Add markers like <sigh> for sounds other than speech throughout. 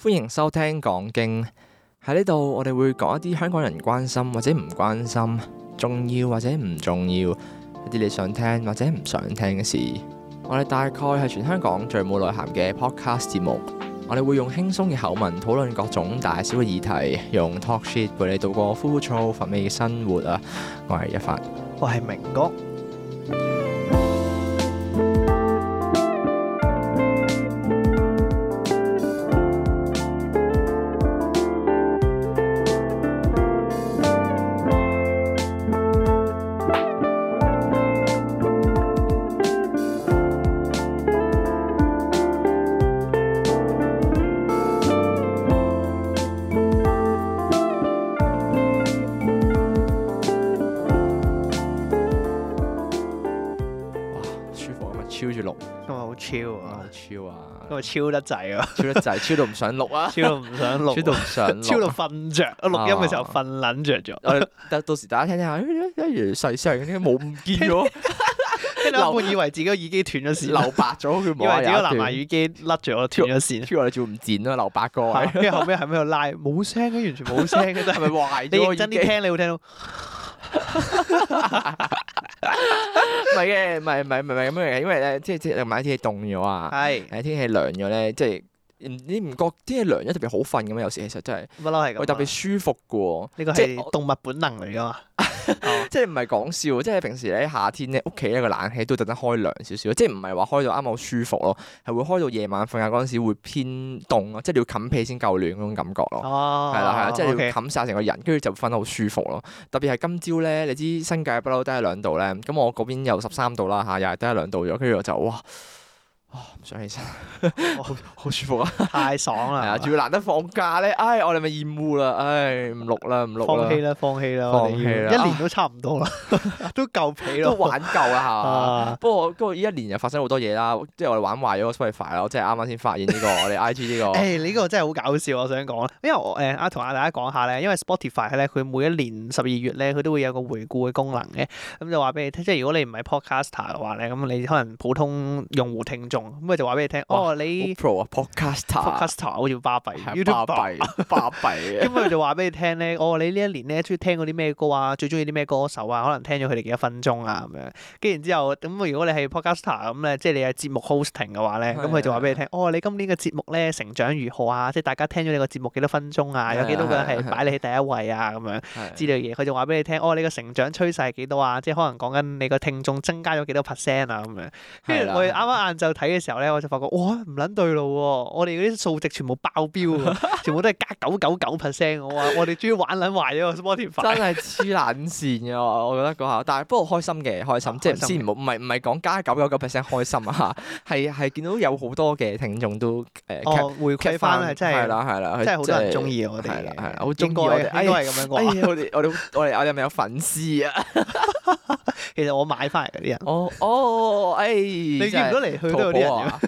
歡迎收聽講經，喺呢度我哋會講一啲香港人關心或者唔關心，重要或者唔重要，一啲你想聽或者唔想聽嘅事。我哋大概係全香港最冇內涵嘅 podcast 節目，我哋會用輕鬆嘅口吻討論各種大小嘅議題，用 talk shit 陪你度過枯燥乏味嘅生活啊！我係一發，我係明哥。超得滯啊！超得滯，超到唔想錄啊！超到唔想錄，超到唔想超到瞓着！我錄音嘅時候瞓撚着咗。到到時大家聽聽下，一如細聲冇唔見咗。我以為自己耳機斷咗線，留白咗佢。以為自己藍牙耳機甩咗，斷咗線，我哋你唔剪啊！留白個跟住後尾喺邊度拉，冇聲完全冇聲嘅，真係咪壞咗耳機？認真啲聽，你會聽到。唔係嘅，唔係唔係唔係咁樣嘅，因為咧，即係即係買天氣凍咗啊，係喺天氣涼咗咧，即係你唔覺天氣涼咗特別好瞓咁啊，有時其實真係，不嬲係嘅，會特別舒服嘅，呢個係動物本能嚟噶嘛。即係 <laughs> 即係唔係講笑，即係平時咧夏天咧屋企咧個冷氣都特登開涼少少，即係唔係話開到啱好舒服咯，係會開到夜晚瞓覺嗰陣時會偏凍咯，即係你要冚被先夠暖嗰種感覺咯，係啦係啦，即係你冚晒成個人，跟住就瞓得好舒服咯。特別係今朝咧，你知新界不嬲低一兩度咧，咁我嗰邊又十三度啦嚇、啊，又係低一兩度咗，跟住我就哇～哦，唔想起身，我 <laughs> 好舒服啊！ <laughs> 太爽啦了，仲 <laughs> 要難得放假咧，唉，我哋咪厭惡啦，唉，唔錄啦，唔錄，放棄啦，放棄啦，放棄啦，一年都差唔多啦，啊、都夠皮咯，都玩夠啦，係、啊、不過不過呢一年又發生好多嘢啦，即係我哋玩壞咗個 Spotify 啦，我即係啱啱先發現呢個我哋 IG 呢個，誒、 <laughs> 這個，呢、哎、個真係好搞笑，我想講，因為我誒啊同阿大家講下咧，因為 Spotify 咧佢每一年十二月咧佢都會有個回顧嘅功能嘅，咁就話俾你聽，即係如果你唔係 Podcaster 嘅話咧，咁你可能普通用戶聽眾。咁佢就話俾你聽，哇哦，你 Podcaster，Podcaster 好似是 YouTube, 巴閉，YouTube 巴閉，巴閉，咁佢就話俾你聽咧， <laughs> 哦，你呢一年咧中意聽嗰啲咩歌啊？最中意啲咩歌手啊？可能聽咗佢哋幾多分鐘啊？咁樣，跟然之後，咁如果你係 Podcaster 咁咧，即係你係節目 hosting 嘅話咧，咁佢就話俾你聽，的哦，你今年嘅節目咧成長如何啊？即係大家聽咗你個節目幾多分鐘啊？的有幾多個人係擺你喺第一位啊？咁樣，之類嘢，佢就話俾你聽，哦，你個成長趨勢係幾多啊？即係可能講緊你個聽眾增加咗幾多 percent 啊？咁樣，跟住的我哋啱啱晏晝睇嘅時候咧，我就發覺哇唔撚對路喎！我哋嗰啲數值全部爆標，全部都係加九九九 percent。我話我哋終於玩撚壞咗個 Spotify，真係黐撚線嘅我覺得嗰下。但係不過開心嘅，開心即係唔知唔好，唔係唔係講加九九九 percent 開心啊！係係見到有好多嘅聽眾都誒，哦回饋翻係真係係啦係啦，真係好多人中意我哋嘅係啦係啦，好中意我哋應該係咁樣講。我哋我哋我哋我哋咪有粉絲啊！其實我買翻嚟嗰啲人哦哦，哎你見唔到嚟去都？哇！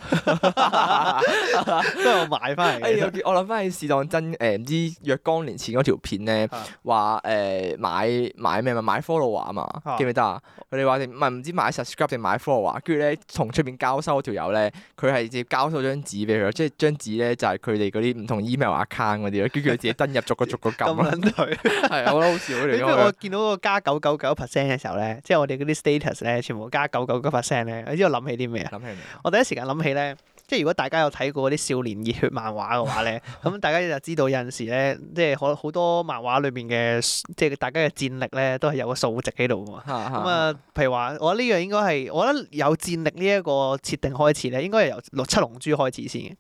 都係我買翻嚟嘅。我諗翻起試當真，誒、欸、唔知若干年前嗰條片咧，話誒、欸、買買咩嘛？買 follower 啊嘛，記唔記得啊？佢哋話唔係唔知買 subscribe 定買 follower？跟住咧，同出邊交收嗰條友咧，佢係直接交收張紙俾佢，即係張紙咧就係佢哋嗰啲唔同 email account 嗰啲咯。跟住佢自己登入逐個逐個撳咯。係啊 <laughs> 麼忍， <laughs> 我覺得好笑。跟住我見到嗰個加九九九 percent 嘅時候咧，即係我哋嗰啲 status 咧，全部加九九九 percent 咧，呢你知我諗起啲咩啊？諗起咩？我第一時間諗起咧，即係如果大家有睇過嗰啲少年熱血漫畫嘅話咧，咁 <laughs> 大家就知道有陣時咧，即係可好多漫畫裏面嘅，即係大家嘅戰力咧，都係有個數值喺度噶嘛。咁啊、 <laughs> 嗯，譬如話我呢樣應該係，我覺得有戰力呢一個設定開始咧，應該係由六七龍珠開始先。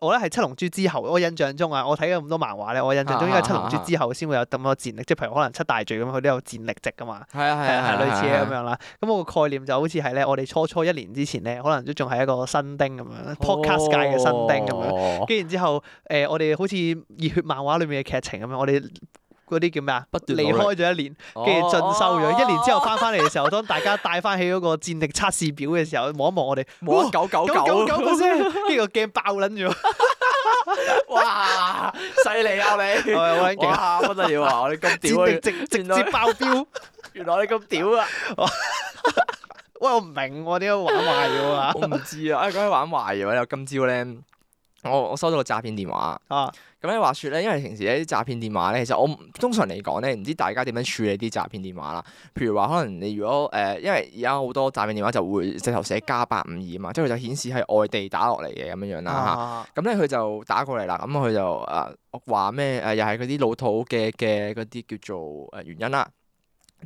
我咧，係七龍珠之後，我印象中啊，我睇咗咁多漫畫咧，我印象中應該係七龍珠之後先會有咁多戰力，即係、啊啊啊、譬如可能七大罪咁，佢都有戰力值噶嘛。係啊係啊係類似咁樣啦。咁、啊啊、我個概念，就好似係咧，我哋初初一年之前咧，可能都仲係一個新丁咁樣、哦、，podcast 界嘅新丁咁樣。跟住、哦、之後，誒、呃，我哋好似熱血漫畫裏面嘅劇情咁樣，我哋。嗰啲叫咩啊？不斷離開咗一年，跟住進修咗、哦、一年之後翻翻嚟嘅時候，當大家帶翻起嗰個戰力測試表嘅時候，望一望我哋，哇，九九九九九」哦，先， <laughs> 呢個 g a 爆撚咗！哇，犀利啊你！ <laughs> 哇乜都要啊！我哋咁屌直接爆表， <laughs> 原來你咁屌啊！ <laughs> 喂，我唔明我點解玩壞咗 <laughs> <laughs> 啊！我唔知啊，哎嗰日玩壞咗，有今朝咧。我我收到個詐騙電話啊！咁咧話説咧，因為平時咧啲詐騙電話咧，其實我通常嚟講咧，唔知大家點樣處理啲詐騙電話啦。譬如話，可能你如果誒、呃，因為而家好多詐騙電話就會直頭寫加八五二嘛，52, 即係佢就顯示係外地打落嚟嘅咁樣樣啦。咁咧佢就打過嚟啦，咁佢就誒話咩誒，又係嗰啲老土嘅嘅嗰啲叫做誒原因啦。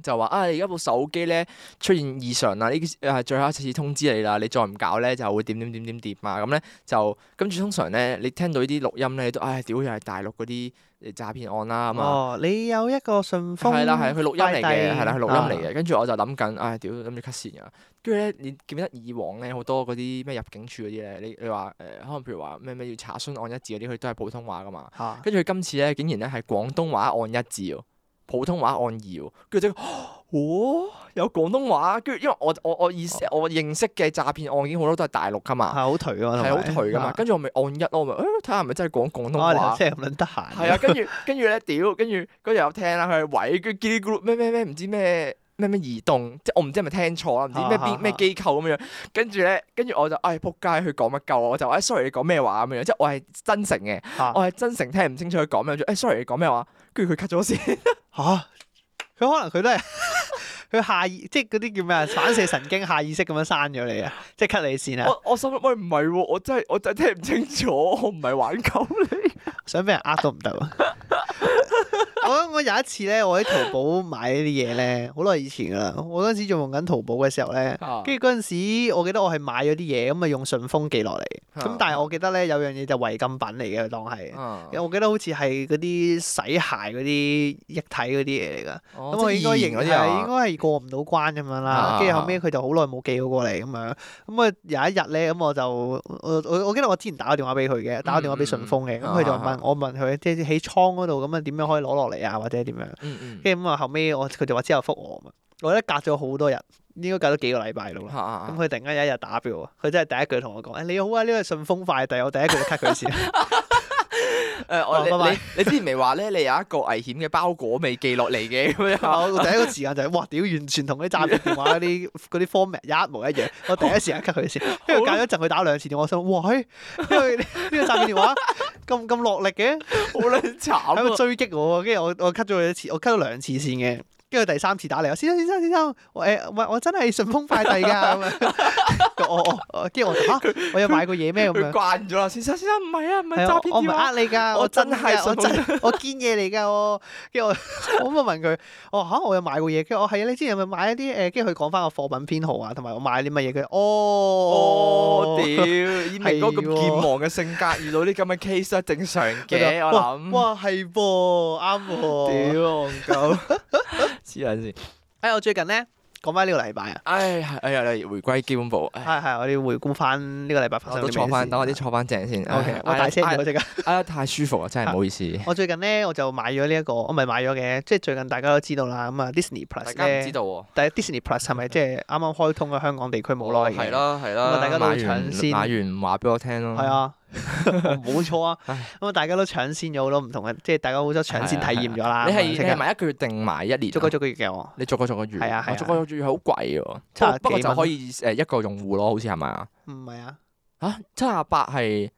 就話啊，而家部手機咧出現異常啦，呢啲啊最後一次通知你啦，你再唔搞咧就會點點點點點啊，咁咧就跟住通常咧你聽到呢啲錄音咧都唉、哎、屌，又係大陸嗰啲誒詐騙案啦，咁啊、哦，你有一個順豐快遞，係啦係啦，佢錄音嚟嘅係啦錄音嚟嘅，跟住、啊、我就諗緊唉屌諗住 cut 線㗎、啊，跟住咧你記唔記得以往咧好多嗰啲咩入境處嗰啲咧，你你話誒可能譬如話咩咩要查詢按一字嗰啲佢都係普通話㗎嘛，跟住佢今次咧竟然咧係廣東話按一字喎。普通話按二喎，跟住即係，哦，有廣東話，跟住因為我我我意思我認識嘅詐騙案件好多都係大陸噶嘛，係好頹㗎嘛，係好頹㗎嘛，跟住我咪按一咯，我咪，誒睇下係咪真係講廣東話，即係咁撚得閒，係啊，跟住跟住咧屌，跟住嗰日有聽啦，佢喂，跟住啲 group 咩咩咩唔知咩咩咩移動，即我唔知係咪聽錯啦，唔知咩邊咩機構咁樣，跟住咧，跟住我就唉撲街，佢講乜鳩，我就誒 sorry，你講咩話咁樣，即我係真誠嘅，我係真誠聽唔清楚佢講咩，誒 sorry，你講咩話。跟住佢 cut 咗先，嚇、 <laughs> 啊？佢可能佢都係佢 <laughs> 下意，即係嗰啲叫咩啊？反射神經下意識咁樣刪咗你啊！即係 cut 你線啊！我我心諗喂唔係喎，我真係我真係聽唔清楚，我唔係玩狗，你，想俾人呃都唔得啊。 <laughs> <laughs> 我有一次咧，我喺淘寶買呢啲嘢咧，好耐以前噶啦。我嗰陣時仲用緊淘寶嘅時候咧，跟住嗰陣時，我記得我係買咗啲嘢，咁咪用順豐寄落嚟。咁、啊、但係我記得咧有樣嘢就違禁品嚟嘅，當係、啊。我記得好似係嗰啲洗鞋嗰啲液體嗰啲嘢嚟噶，咁、哦、我應該認、哦、應該係過唔到關咁樣啦。跟住、啊、後尾，佢就好耐冇寄過過嚟咁樣，咁啊、啊有一日咧，咁我就我我我記得我之前打個電話俾佢嘅，打個電話俾順豐嘅，咁佢就問我問佢即係喺倉嗰度咁啊點？點樣可以攞落嚟啊？或者點樣？跟住咁啊，嗯、後尾我佢就話之後覆我啊嘛。我咧隔咗好多日，應該隔咗幾個禮拜咯。咁佢、啊、突然間有一日打畀我，佢真係第一句同我講：誒、哎、你好啊，呢個係順豐快遞，我第一句就 cut 佢先。 <laughs> <laughs> 誒，我你之前咪話咧，你有一個危險嘅包裹未寄落嚟嘅，我第一個時間就係，哇，屌，完全同啲詐騙電話嗰啲啲 format 一模一樣，我第一時間 cut 佢先，跟住隔咗一陣佢打兩次電話，我心，哇，去，因為呢個詐騙電話咁咁落力嘅，好卵慘追擊我，跟住我我 cut 咗佢一次，我 cut 咗兩次線嘅，跟住第三次打嚟，先生先生先生，誒，我真係順豐快遞噶。 <laughs> 我我跟住我嚇，我有買過嘢咩咁樣？ <laughs> 慣咗啦，先生先生，唔係啊，唔係詐騙電話？我唔呃你㗎，我真係我真我見嘢嚟㗎。我跟住我咁啊問佢，我嚇我有買過嘢、啊。跟住我係啊，啊，啊，你知、嗯、之前咪買一啲誒？跟住佢講翻個貨品編號啊，同埋我買啲乜嘢佢：「哦，屌、哦，係嗰個健忘嘅性格， <laughs> 啊、遇到啲咁嘅 case 正常嘅。 <laughs> 我諗哇係噃，啱喎。屌、啊，夠試下先試。哎，我最近咧。講翻呢個禮拜啊！哎呀，哎呀，嚟回歸基本步。係、哎、係、哎，我哋回顧翻呢個禮拜發生嘅嘢先。我坐翻，等我哋坐翻正先。O Okay , K，、哎、呀我大車咗先㗎。哎呀，太舒服啊，真係唔好意思。哎、我最近咧，我就買咗呢一個，我咪買咗嘅，即係最近大家都知道啦。咁、嗯、啊，Disney Plus。大家唔知道喎、哦。但係 Disney Plus 係咪即係啱啱開通嘅香港地區冇咯？嘅、哦？係啦係啦。咁啊，大家都搶先。買完話俾我聽咯。係啊。冇錯啊，咁啊大家都搶先咗好多唔同嘅，即係大家好多搶先體驗咗啦。你係訂埋一個月定埋一年？逐個逐個月嘅，我，你逐個逐個月，係啊係啊，逐個逐個月係好貴嘅。七廿幾蚊就可以誒一個用戶咯，好似係咪啊？唔係啊，吓，七廿八係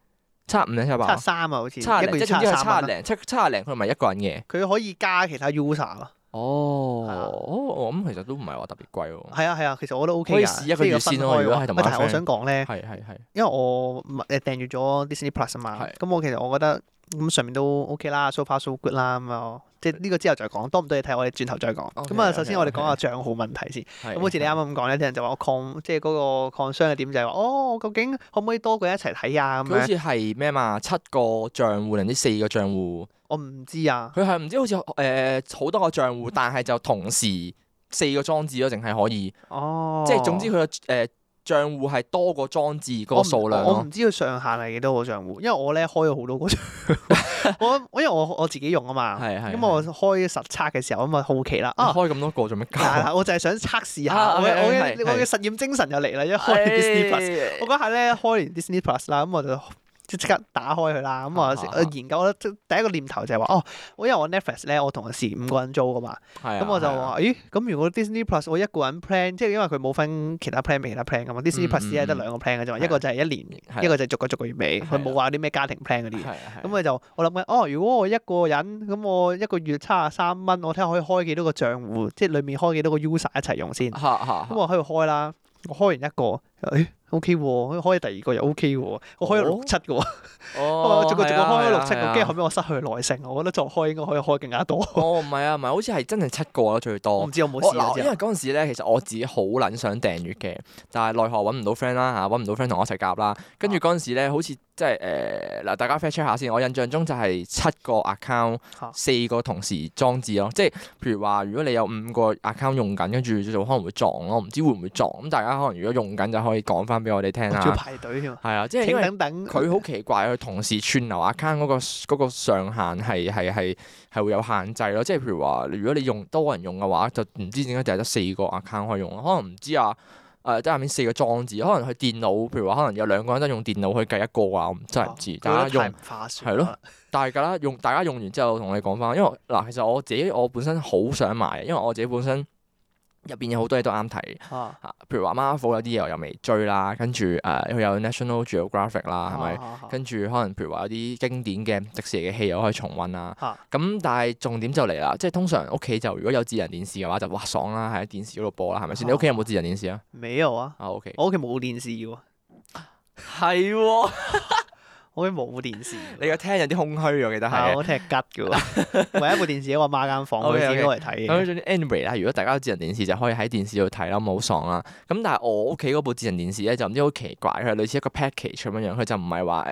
七廿五定七廿八？七廿三啊，好似一個月先係七廿零，七七零佢唔係一個人嘅，佢可以加其他 user 咯。哦，我、哦、咁其實都唔係話特別貴喎。係啊係啊，其實我都 OK 嘅。可以試一個月先咯，啊，如果係但係我想講咧，係係係因為我誒訂閱咗 Disney Plus 啊嘛，咁係係我其實我覺得。咁上面都 OK 啦，so far so good 啦咁啊，即係呢個之後再講，多唔多嘢睇我哋轉頭再講。咁啊，首先我哋講下賬號問題先。咁好似你啱啱咁講咧，啲人就話我擴，即係嗰個擴商嘅點就係話，哦，究竟可唔可以多個人一齊睇啊？咁樣好似係咩嘛？七個賬戶定唔知四個賬戶？我唔知啊。佢係唔知好似誒好多個賬戶，但係就同時四個裝置咯，都淨係可以。哦。即係總之佢嘅誒。呃帳戶係多過裝置個數量我。我唔知佢上限係幾多個帳戶，因為我咧開咗好多個帳戶。 <laughs> 我我因為我我自己用啊嘛。咁 <laughs> 我開實測嘅時候咁咪好奇啦。 <laughs> 啊開咁多個做乜係我就係想測試下。 <laughs> 我嘅我嘅 <laughs> 實驗精神又嚟啦，一開 Disney Plus。 <laughs> 我嗰下咧開完 Disney Plus 啦，咁我就。即即刻打開佢啦，咁、嗯、我研究咧，即第一個念頭就係、是、話，哦，因為我 Netflix 咧，我同事五個人租噶嘛，咁是、啊嗯、我就話，是啊、咦，咁如果 Disney Plus 我一個人 plan，即因為佢冇分其他 plan 俾其他 plan 噶嘛，Disney Plus 只得兩個 plan 嘅啫嘛，是啊、一個就係一年，一個就係逐個逐個月尾，佢冇話啲咩家庭 plan 嗰啲，咁是、啊嗯、我就我諗緊，哦，如果我一個人，咁我一個月差七十三蚊，我睇下可以開幾多個賬戶，即裏面開幾多個 user 一齊用先，咁我喺度開啦，我開完一個，誒。O K 喎，okay，開第二個又 O K 喎，我開咗六七個，不逐個逐個開咗六、啊、七個，跟住後尾我會會失去耐性，啊、我覺得再開應該可以開更加多。哦，唔係啊，唔係，好似係真係七個咯最多。我唔知冇嗱，因為嗰陣時咧，其實我自己好撚想訂閱嘅，但係奈何揾唔到 friend 啦嚇，揾唔到 friend 同我一齊夾啦，跟住嗰陣時咧好似。即係誒嗱，大家 fetch 下先。我印象中就係七個 account，四個同時裝置咯。即係譬如話，如果你有五個 account 用緊，跟住就可能會撞咯。唔知會唔會撞？咁大家可能如果用緊就可以講翻俾我哋聽啦。要排隊添，係啊，即係等等。佢好奇怪，佢同時串流 account 嗰個嗰個上限係係係係會有限制咯。即係譬如話，如果你用多人用嘅話，就唔知點解就係得四個 account 可以用咯。可能唔知啊。誒，即係下面四個裝置，可能佢電腦，譬如話，可能有兩個人都用電腦去計一個啊，我真係唔知。大家用，係咯，大家用大家用完之後，同你講翻，因為嗱、呃，其實我自己我本身好想買，因為我自己本身。入邊有好多嘢都啱睇，啊、譬如話 Marvel 有啲嘢我又未追啦，跟住誒佢有 National Geographic 啦、啊，係咪？啊啊、跟住可能譬如話有啲經典嘅迪士尼嘅戲又可以重溫啦。咁、啊、但係重點就嚟啦，即係通常屋企就如果有智能電視嘅話就哇爽啦，喺電視嗰度播啦，係咪先？啊、你屋企有冇智能電視啊？未有啊。啊，okay. 我屋企我屋企冇電視嘅喎，係喎。我屋企冇電視，你個廳有啲空虛，我記得係。我踢吉嘅喎，唯一部電視喺我媽間房嗰 <laughs> Okay, okay. 自己攞嚟睇。咁樣 anyway 啦，如果大家有智能電視就可以喺電視度睇啦，好爽啦。咁但係我屋企嗰部智能電視咧就唔知好奇怪，佢係類似一個 package 咁樣樣，佢就唔係話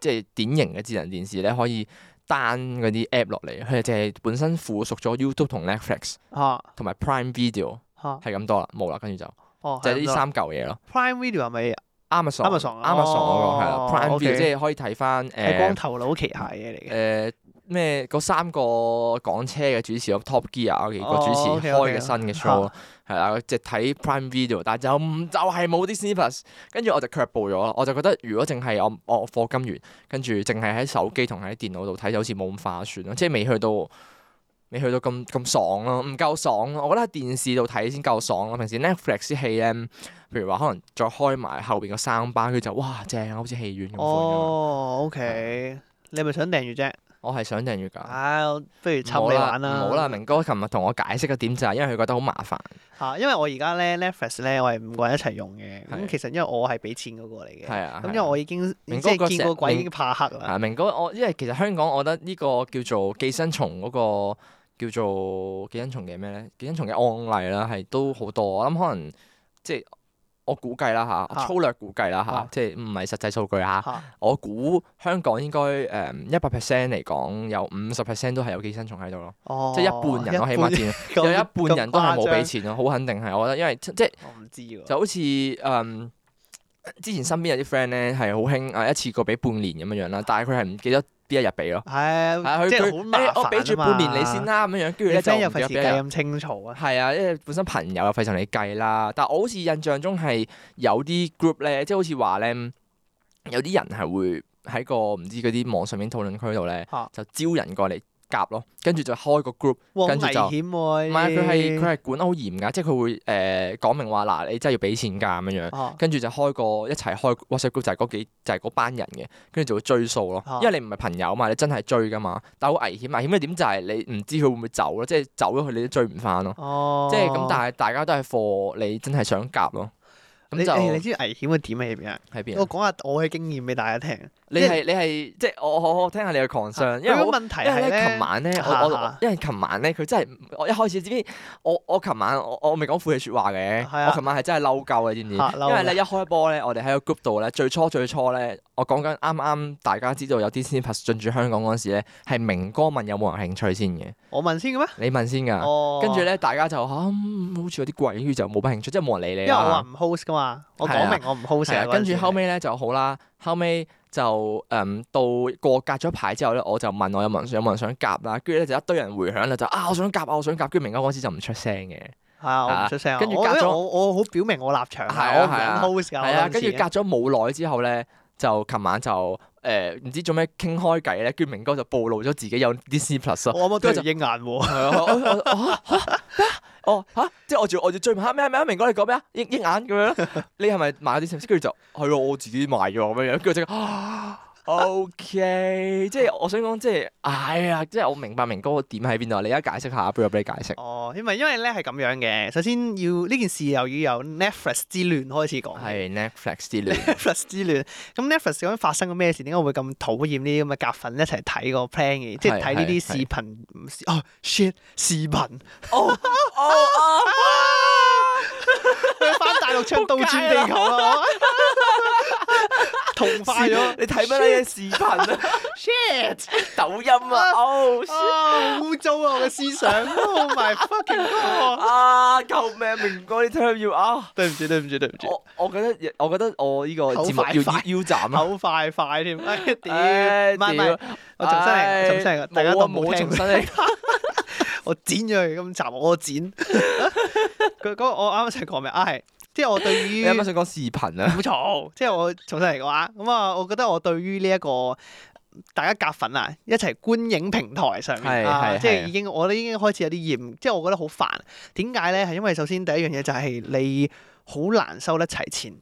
即係典型嘅智能電視咧可以 down 嗰啲 app 落嚟，佢係淨係本身附屬咗 YouTube 同 Netflix 同埋 Prime Video 嚇係咁多啦，冇啦，跟住就就係呢三嚿嘢咯。Prime Video 係咪？Amazon，Amazon，Amazon 嗰個係啦，Prime Video 即係可以睇翻誒。Okay, 呃、光頭佬旗下嘢嚟嘅。誒咩嗰三個港車嘅主持有 Top Gear 幾個主持、哦、okay, 開嘅新嘅 show 咯、啊，係啦，即係睇 Prime Video，但係就就係冇啲 Super。跟住我就卻步咗咯，我就覺得如果淨係我我課金完，跟住淨係喺手機同喺電腦度睇，就好似冇咁化算咯，即係未去到未去到咁咁爽咯，唔夠爽咯，我覺得喺電視度睇先夠爽咯。平時 Netflix 啲戲咧。譬如話，可能再開埋後邊個 soundbar，佢就哇正啊，好似戲院咁。哦，OK，你係咪想訂閱啫？我係想訂閱㗎。唉，不如抽你眼啦。冇啦，明哥，琴日同我解釋嘅點就係，因為佢覺得好麻煩。嚇、啊，因為我而家咧，Netflix 咧，我係五個人一齊用嘅。咁是其實因為我係俾錢嗰個嚟嘅。係啊。咁、啊、因為我已經明哥個見過個鬼怕黑啦明哥，我因為其實香港，我覺得呢個叫做寄生蟲嗰、嗰個 <laughs> 叫做寄生蟲嘅咩咧，寄生蟲嘅案例啦，係都好多。我諗可能即係。我估計啦嚇，粗略估計啦嚇，即係唔係實際數據嚇。啊、我估香港應該誒一百 percent 嚟講，有五十 percent 都係有寄生蟲喺度咯，哦、即係一半人咯，起碼先，有 <laughs> 一半人都係冇俾錢咯，好肯定係。我覺得因為即係，我唔知啊、就好似誒、嗯、之前身邊有啲 friend 咧係好興誒一次過俾半年咁樣樣啦，但係佢係唔記得。邊一日俾咯？係啊，啊即係、好麻煩啊嘛、欸、我俾住半年你先啦，咁樣、啊、樣，跟住咧就又費事計咁清楚啊。係啊，因為本身朋友又費事同你計啦。但係我好似印象中係有啲 group 咧，即係好似話咧，有啲人係會喺個唔知嗰啲網上面討論區度咧，就招人過嚟。啊夾咯，跟住就開個 group，哇跟住就唔係佢係佢係管得好嚴噶，即係佢會誒講、呃、明話嗱，你真係要俾錢噶咁樣樣，啊、跟住就開一個一齊開 WhatsApp group 就係嗰幾就係嗰班人嘅，跟住就會追數咯，啊、因為你唔係朋友嘛，你真係追噶嘛，但係好危險，危險嘅點就係你唔知佢會唔會走咯，即係走咗佢你都追唔返咯，啊、即係咁，但係大家都係貨，你真係想夾咯。你，你知危險嘅點喺邊啊？喺邊啊？我講下我嘅經驗俾大家聽即是 你。你係你係即係我我我聽下你嘅 concern。因為問題係咧，琴晚咧，因為琴晚咧，佢真係我一開始知，知我我琴晚我我未講負、啊、氣説話嘅。我琴晚係真係嬲夠嘅，知唔知？因為咧一開波咧，我哋喺個 group 度咧，最初最初咧，我講緊啱啱大家知道有 Disney+ 進駐香港嗰陣時咧，係明哥問有冇人有興趣先嘅。我問先嘅咩？你問先㗎？跟住咧，大家就、啊、好似有啲貴，於是就冇乜興趣，即係冇人理你。因為我話唔 host 㗎嘛。啊、我講明我唔 hold 成，跟住次、啊、後尾咧就好啦。後尾就誒、嗯、到過隔咗排之後咧，我就問我有冇人有冇人想夾啦，跟住咧就一堆人回響啦，就啊我想夾啊我想夾，跟住明哥嗰陣時就唔出聲嘅。係、啊、唔出聲。跟住、啊、隔咗，我好表明我立場。係啊，啊，跟住、啊、隔咗冇耐之後咧，就琴晚就誒唔、呃、知做咩傾開偈。咧，跟住明哥就暴露咗自己有 Disney+ 我乜都哦，吓？即係我住我住最下咩咩啊，明哥你講咩啊？億億眼咁樣，你係咪買啲信息？跟住就係咯，我自己買咗咁樣樣。跟住啊 OK 即係我想講，即係哎呀，即係我明白明哥個點喺邊度。你而家解釋下，不如我俾你解釋。哦，因為因為咧係咁樣嘅。首先要呢件事又要由 Netflix 之亂開始講。係 Netflix 之亂。Netflix 之亂。咁 Netflix 究竟發生咗咩事？點解會咁討厭呢啲咁嘅夾份一齊睇個 plan 嘅？即係睇呢啲視頻哦，shit 視頻哦。落出倒轉地球咯，同事，你睇乜嘢視頻啊？Shit，抖音啊，Oh shit，好污糟啊！我嘅思想，Oh my fucking god，啊，救命！明哥，你聽要啊？對唔住，對唔住，對唔住。我我覺得，我覺得我呢個口快快 U 站，好快快添，哎，點？我重新嚟，重新嚟，大家都冇重新嚟。我剪咗佢咁，斬我剪。個我啱啱先講咩？啊，係。即係我對於，你啱想講視頻啊，咪嘈。即係我從細嚟講，咁、嗯、啊，我覺得我對於呢、這、一個大家夾份啊，一齊觀影平台上面即係已經，我咧已經開始有啲厭。即係我覺得好煩。點解咧？係因為首先第一樣嘢就係你好難收得齊錢。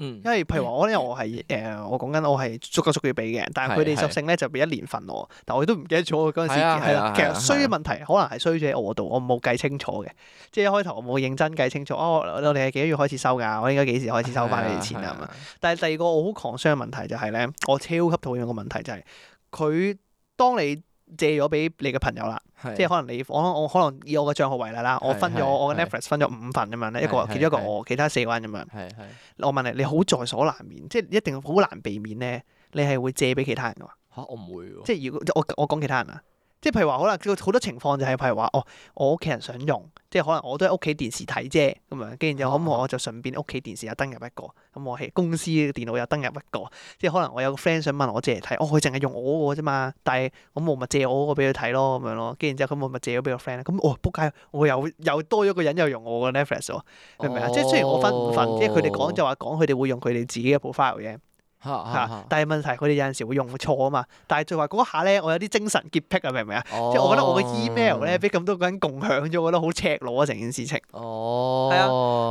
因為譬如話我咧、嗯呃呃，我係誒，我講緊我係逐個逐個月俾嘅，但係佢哋索性咧就俾一年份我，但係我都唔記得咗嗰陣時，係啦，其實衰嘅問題可能係衰咗喺我度，我冇計清楚嘅，即係一開頭我冇認真計清楚，哦，我哋係幾多月開始收㗎？我應該幾時開始收翻你哋錢啊？是是是是但係第二個我好狂衰嘅問題就係、是、咧，我超級討厭個問題就係、是、佢當你。借咗俾你嘅朋友啦，是即係可能你我我可能以我嘅賬號為例啦，我分咗是我嘅 Netflix 分咗五份咁樣咧，是是是一個其中一個我，是是是其他四個人咁樣。是是是我問你，你好在所難免，即係一定好難避免咧，你係會借俾其他人噶？吓，我唔會，即係如果我我講其他人啊？即係譬如話，可能佢好多情況就係、是，譬如話哦，我屋企人想用，即係可能我都喺屋企電視睇啫咁樣，跟住就咁我就順便屋企電視又登入一個，咁我喺公司嘅電腦又登入一個，即係可能我有個 friend 想問我借嚟睇，哦，佢淨係用我嗰個啫嘛，但係咁我咪借我嗰個俾佢睇咯咁樣咯，跟住之後咁我咪借咗俾個 friend 啦，咁哦，仆街我又又多咗一個人又用我嘅 Netflix 喎，明唔明啊？即係雖然我分唔分，即係佢哋講就話講佢哋會用佢哋自己嘅 profile 嘅。吓 <music> 但係問題佢哋有陣時會用錯啊嘛。但係就話嗰下咧，我有啲精神潔癖啊，明唔明啊？哦、即係我覺得我嘅 email 咧俾咁多個人共享咗，我覺得好赤裸啊！成件事情，哦，係啊，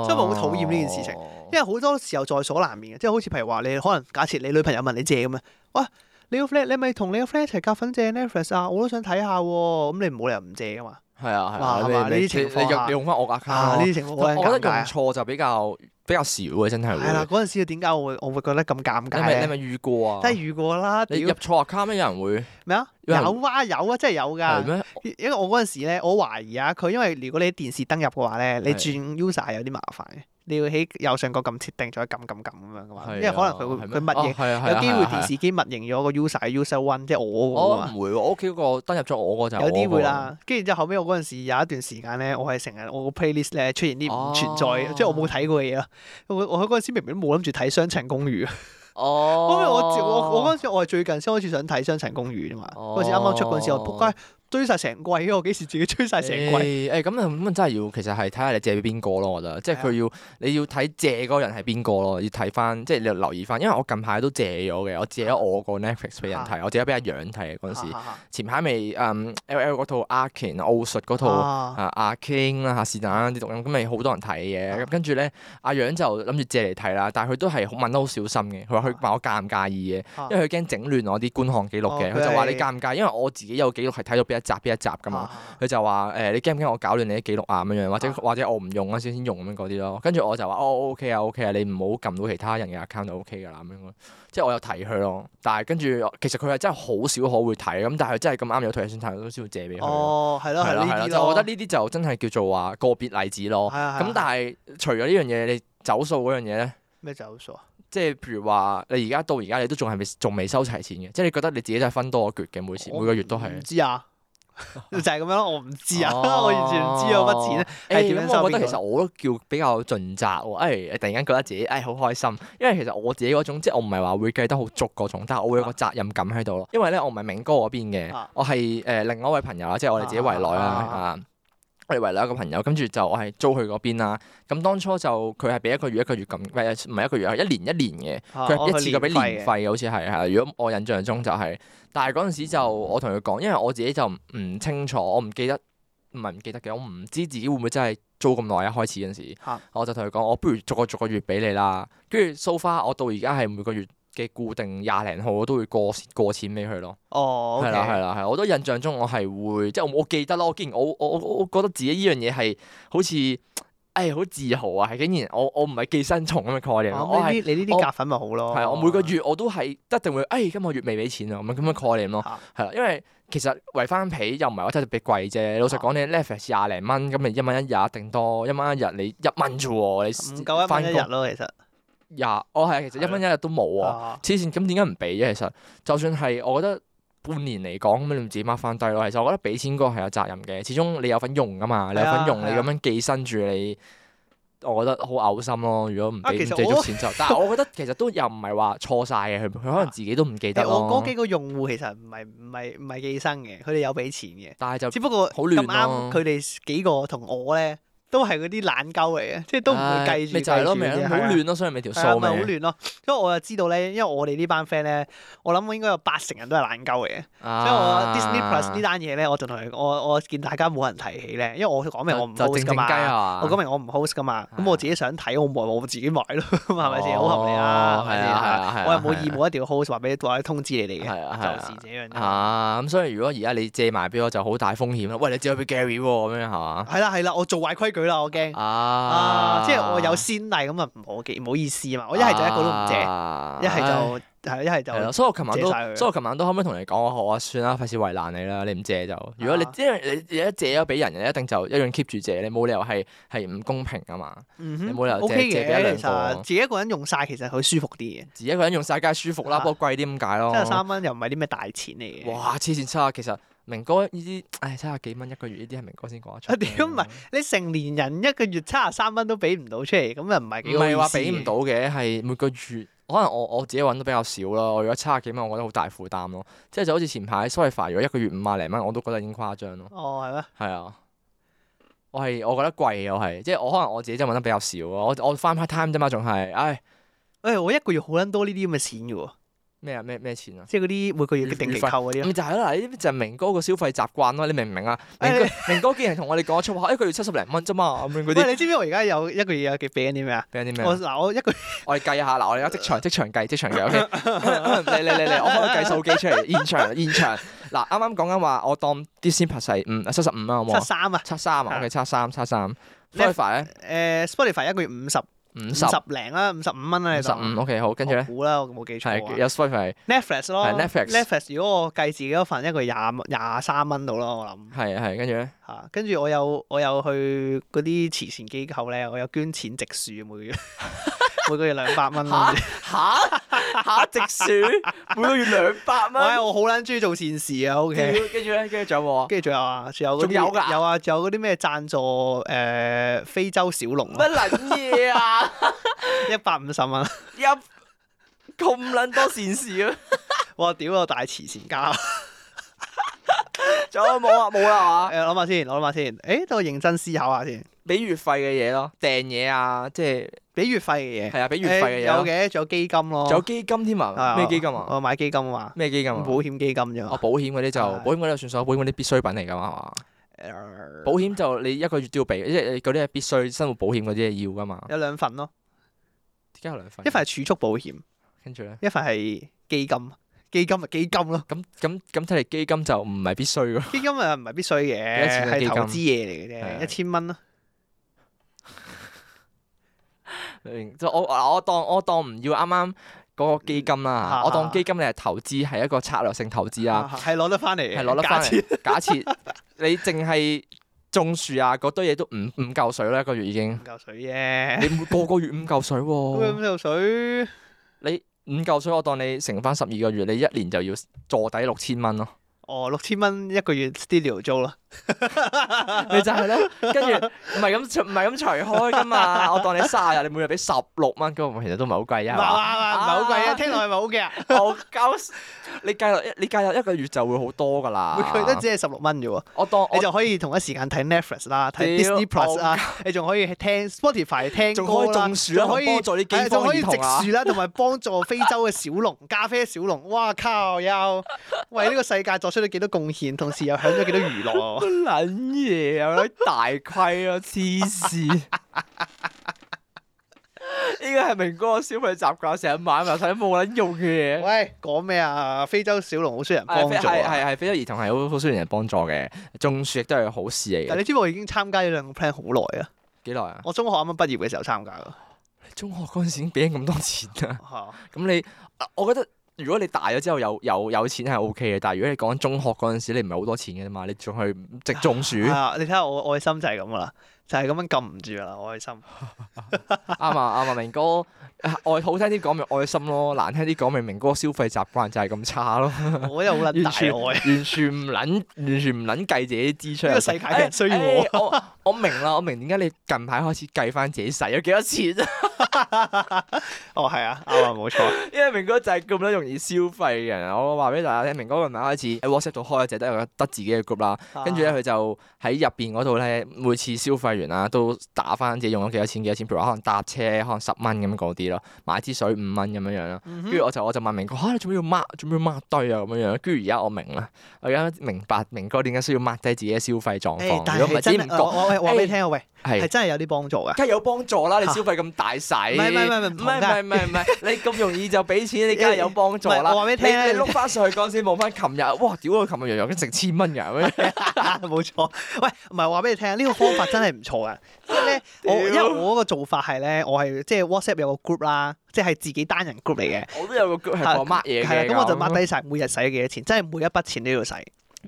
所以我好討厭呢件事情。因為好多時候在所難免嘅，即係好似譬如話你可能假設你女朋友問你借咁樣，哇！你個 friend 你咪同你個 friend 一齊夾份借 Netflix 啊，我都想睇下喎、啊。咁你冇理由唔借噶嘛。係啊係啊，呢啲情況，你用翻我架卡啊？呢啲情況解解、啊，我覺得用錯就比較。比較少嘅真係，係 <noise> 啦，嗰陣時點解我會我會覺得咁尷尬。你係咪遇過啊？都係遇過啦。入，入錯 account 咧，有人會咩 <noise> 啊？有啊有啊，真係有噶。因為我嗰陣時咧，我懷疑啊佢，因為如果你喺電視登入嘅話咧，對你轉 user 係有啲麻煩嘅。你要喺右上角撳設定，再撳撳撳咁樣嘅嘛，因為可能佢佢默認有機會、啊啊啊、電視機默認咗個 user user one，即係我嘅嘛、哦的哦。我唔會我屋企嗰個登入咗我嘅就。有機會啦，跟住之後後尾我嗰陣時有一段時間咧，我係成日我個 playlist 咧出現啲唔存在，哦、即係我冇睇過嘅嘢咯。我我喺嗰陣時明明都冇諗住睇《雙層公寓》啊。 <laughs> 哦。後尾我我我嗰陣時我係最近先開始想睇《雙層公寓》啊嘛。哦。嗰時啱啱出嗰陣時，我仆街。追晒成季啊！我幾時自己追晒成季？誒咁啊咁真係要，其實係睇下你借俾邊個咯，我覺得，唉呀 即係佢要，你要睇借嗰人係邊個咯，要睇翻，即係你留意翻。因為我近排都借咗嘅，我借咗我個 Netflix 俾人睇，啊、我借咗俾阿楊睇嗰陣時。前、嗯、排咪誒 L.L. 嗰套阿 Ken 奧術嗰套阿 King 啦、啊，是但啦啲讀音，咁咪好多人睇嘅。咁、啊、跟住咧，阿楊就諗住借嚟睇啦，但係佢都係好問得好小心嘅，佢話佢問我介唔介意嘅，因為佢驚整亂我啲觀看記錄嘅。佢就話你介唔介意？因為我自己有記錄係睇到俾人。集一集邊一集噶嘛？佢、啊、就話誒、欸，你驚唔驚我搞亂你啲記錄啊？咁樣，或者、啊、或者我唔用，才才用我、哦 OK、啊，先先用咁樣嗰啲咯。跟住我就話哦，O K 啊，O K 啊，你唔好撳到其他人嘅 account 就 O K 噶啦咁樣。即係我有提佢咯。但係跟住其實佢係真係好少可會提咁。但係佢真係咁啱有退休金睇，我都先會借俾佢。哦，係咯，係咯，係咯。就我覺得呢啲就真係叫做話個別例子咯。咁但係除咗呢樣嘢，你走數嗰樣嘢咧？咩走數啊？即係譬如話，你而家到而家你都仲係未，仲未收齊錢嘅？即係你覺得你自己真係分多咗撅嘅，每次我 每個月都係。唔知啊。 <laughs> 就係咁樣咯，我唔知啊，哦、 <laughs> 我完全唔知有乜錢係點樣收。我覺得其實我都叫比較盡責，誒、哎，突然間覺得自己誒好、哎、開心，因為其實我自己嗰種，即係我唔係話會計得好足嗰種，但係我會有個責任感喺度咯。因為咧，我唔係明哥嗰邊嘅，啊、我係誒、呃、另外一位朋友啦，即係我哋自己圍內啦啊。啊我哋唯一一個朋友，跟住就我係租去嗰邊啦。咁當初就佢係俾一個月一個月咁，唔係一個月，係一,一,一,一年一年嘅。佢、啊、一次過俾年費，好似係係。如果我印象中就係、是，但係嗰陣時就我同佢講，因為我自己就唔清楚，我唔記得，唔係唔記得嘅，我唔知自己會唔會真係租咁耐。一開始嗰陣時，啊、我就同佢講，我不如逐個逐個,逐個月俾你啦。跟住 so far，我到而家係每個月。嘅固定廿零號，我都會過過錢俾佢咯。哦、oh, okay.，係啦，係啦，係。我都印象中我，我係會即係我記得咯。我竟然我我我覺得自己依樣嘢係好似誒好自豪啊！係竟然我我唔係寄生蟲咁嘅概念咯、oh, 是。你呢啲夾粉咪好咯。係啊我，我每個月我都係一定會誒、哎，今個月未俾錢啊咁樣概念咯。係啦、啊，因為其實圍翻皮又唔係話真係特別貴啫。啊、老實講，你 Netflix 廿零蚊，咁你一蚊一日一定多一蚊一日你一你一，你一蚊啫喎。唔夠一蚊一日咯，其實。廿，我係其實一蚊一日都冇啊，黐線 Yeah.！咁點解唔俾啫？其實就算係，我覺得半年嚟講，咁你咪自己掹翻低咯。其實我覺得俾錢個係有責任嘅，始終你有份用㗎嘛，Yeah. 你有份用，你咁樣寄生住你，我覺得好嘔心咯。如果唔俾，唔借咗錢就。但係我覺得其實都又唔係話錯晒嘅，佢佢 <laughs> 可能自己都唔記得、啊、我嗰幾個用戶其實唔係唔係唔係寄生嘅，佢哋有俾錢嘅，但係就、啊、只不過好亂咯。佢哋幾個同我咧。 <laughs> 都係嗰啲懶鳩嚟嘅，即係都唔會計住。咪就係咯，明啦，好亂咯，所以咪條數咪好亂咯。因為我又知道咧，因為我哋呢班 friend 咧，我諗我應該有八成人都係懶鳩嘅。即係我 Disney Plus 呢單嘢咧，我就同佢，我我見大家冇人提起咧，因為我講明我唔 host 噶嘛，我講明我唔 host 噶嘛。咁我自己想睇，我咪我自己買咯，係咪先？好合理啊，係啊，我又冇義務一定要 host 好話俾你或者通知你哋嘅，係啊，就是這樣啊。咁所以如果而家你借埋俾我，就好大風險啦。喂，你借埋俾 Gary 喎，咁樣係嘛？係啦，係啦，我做壞規矩。佢啦，我驚啊！即係我有先例咁啊，唔好嘅，唔好意思啊嘛。我一係就一個都唔借，一係就係一係就。所以，我琴晚都，所以我琴晚都可唔可以同你講，我好啊？算啦，費事為難你啦。你唔借就。如果你因為你你一借咗俾人，你一定就一樣 keep 住借。你冇理由係係唔公平啊嘛。你冇理由借借俾兩個。自己一個人用晒其實佢舒服啲嘅。自己一個人用晒梗係舒服啦，不過貴啲咁解咯。即係三蚊又唔係啲咩大錢嚟嘅。哇！黐線七啊，其實～明哥呢啲，唉、哎，七十幾蚊一個月，呢啲係明哥先講得出。我點唔係？你成年人一個月七十三蚊都俾唔到出嚟，咁又唔係幾？唔係話俾唔到嘅，係每個月，可能我我自己揾得比較少咯。如果七十幾蚊，我覺得好大負擔咯。即係就好似前排 Sweeper 如果一個月五萬零蚊，我都覺得已經誇張咯。哦，係咩？係啊，我係我覺得貴，我係即係我可能我自己真係揾得比較少啊。我我返 part time 啫嘛，仲係，唉、哎，誒、哎，我一個月好撚多呢啲咁嘅錢嘅喎。咩啊？咩咩錢啊？即係嗰啲每個月嘅定期扣嗰啲咯。咪就係咯，嗱呢啲就係明哥個消費習慣咯，你明唔明啊？明哥竟然同我哋講粗話，一個月七十零蚊啫嘛，咁嗰啲。你知唔知我而家有一個月有幾俾緊啲咩啊？俾緊啲咩嗱我一個月我哋計下嗱，我哋而家即場即場計即場計，OK？嚟嚟嚟嚟，我開個計數機出嚟，現場現場嗱啱啱講緊話，我當啲先拍細，五，七十五啦，好冇？七三啊？七三啊，OK？七三七三誒 Spotify 一個月五十。五十零啦，五十五蚊啦，你十五，OK 好，跟住咧，估啦，我冇記錯，有 s Netflix 咯，Netflix，Netflix。Netflix Netflix 如果我計自己嗰份，一個月廿廿三蚊到咯，我諗係啊係，跟住咧嚇，跟住我有我有去嗰啲慈善機構咧，我有捐錢植樹，每月。 <laughs> 每個月兩百蚊啦，吓吓直選每個月兩百蚊。我好撚中意做善事啊，O K。跟住咧，跟住仲有，冇啊？跟住仲有啊，仲有嗰啲有，有啊，仲有嗰啲咩贊助誒、呃、非洲小龍啊，啊。乜撚嘢啊？一百五十蚊，一咁撚多善事啊！ <laughs> 哇，屌我大慈善家、啊 <laughs> 有有。仲有冇啊？冇啦嘛？誒，諗下先，諗下先。誒，等我認真思考下先。俾月費嘅嘢咯，訂嘢啊，即係俾月費嘅嘢。係啊，俾月費嘅嘢有嘅，仲有基金咯，仲有基金添啊？咩基金啊？我買基金啊。咩基金啊？保險基金啫嘛。哦，保險嗰啲就保險嗰啲算數，保險嗰啲必需品嚟㗎嘛？係嘛？保險就你一個月都要俾，即係嗰啲係必需，生活保險嗰啲係要㗎嘛？有兩份咯。點解有兩份？一份係儲蓄保險，跟住咧？一份係基金，基金咪基金咯。咁咁咁睇嚟基金就唔係必需喎。基金啊，唔係必需嘅，係投資嘢嚟嘅啫，一千蚊咯。就我我當我當唔要啱啱嗰個基金啦，哈哈我當基金你係投資係一個策略性投資哈啊，係攞得翻嚟，係攞得翻嚟。假設你淨係種樹啊，嗰堆嘢都五五嚿水啦，一個月已經五嚿水啫。你個個月五嚿水喎，啊？ <laughs> 五嚿水，你五嚿水我當你乘翻十二個月，你一年就要坐底六千蚊咯。哦，六千蚊一個月 studio 租 <laughs> 你就係咯，跟住唔係咁唔係咁除開噶嘛，我當你卅日，你每日俾十六蚊，咁其實都唔係好貴啊，唔係好貴啊，聽落係咪好嘅？好我交，你計落一你計落一個月就會好多噶啦，佢都只係十六蚊咋喎，我當我你就可以同一時間睇 Netflix 啦，睇 Disney Plus 啦，你仲可以聽 Spotify 聽歌啦，仲可以種樹啦，可以幫助啲寄生蟲啊，仲可以植樹啦，同埋幫助非洲嘅小龍， <laughs> 咖啡小龍，哇靠，又為呢個世界作出咗幾多貢獻，同時又享咗幾多娛樂。個僆爺有啲大虧啊。黐線！呢個係明哥嘅消費習慣，成日買埋晒冇撚用嘅嘢。喂，講咩啊？非洲小農好需要人幫助，啊。係係，哎、非洲兒童係好好需要人幫助嘅，種樹亦都係好事嚟。但你知唔知我已經參加咗兩個 plan 好耐啊？幾耐啊？我中學啱啱畢業嘅時候參加噶。中學嗰陣時已經俾咗咁多錢啦。咁、 <laughs> 嗯、你、啊，我覺得。如果你大咗之後有有有錢係 O K 嘅，但係如果你講緊中學嗰陣時，你唔係好多錢嘅嘛，你仲去植種樹？係，你睇下我我嘅心就係咁噶啦。就係咁樣撳唔住啦，愛心。啱 <laughs> 啊，啱啊，明哥，愛好聽啲講明愛心咯，難聽啲講明明哥消費習慣就係咁差咯。我又好撚大愛，完全唔撚，完全唔撚計自己啲支出。呢個世界嘅需要我，我明啦， <laughs> 我明點解你近排開始計翻自己使咗幾多錢、 <laughs> 哦、啊？哦，係啊，啱啊，冇錯。 <laughs> 因為明哥就係咁多容易消費嘅人，我話俾大家聽，明哥近排開始喺 WhatsApp 度開一隻得自己嘅 group 啦，跟住咧佢就喺入邊嗰度咧每次消費。完啦，都打翻自己用咗幾多錢，幾多錢譬如話可能搭車可能十蚊咁嗰啲咯，買支水五蚊咁樣樣咯。跟住、嗯、哼我就我就問明哥嚇、啊，你做咩要 mark 做咩要 mark 對啊咁樣樣？跟住而家我明啦，我而家明白明哥點解需要 mark 低自己嘅消費狀況。欸、但如果唔係，自己唔講我喂話俾你聽啊喂。係，真係有啲幫助噶，梗係有幫助啦！你消費咁大洗，唔係唔係唔係唔係唔係，你咁容易就俾錢，你梗係有幫助啦！我話俾你聽，你碌翻上去講先，望翻琴日，哇！屌啊，琴日洋洋一成千蚊噶，冇錯。喂，唔係話俾你聽，呢個方法真係唔錯嘅，即係咧，我因為我嗰個做法係咧，我係即係 WhatsApp 有個 group 啦，即係自己單人 group 嚟嘅。我都有個 group 係講乜嘢嘅，咁我就 mark 低晒每日使咗幾多錢，真係每一筆錢都要使。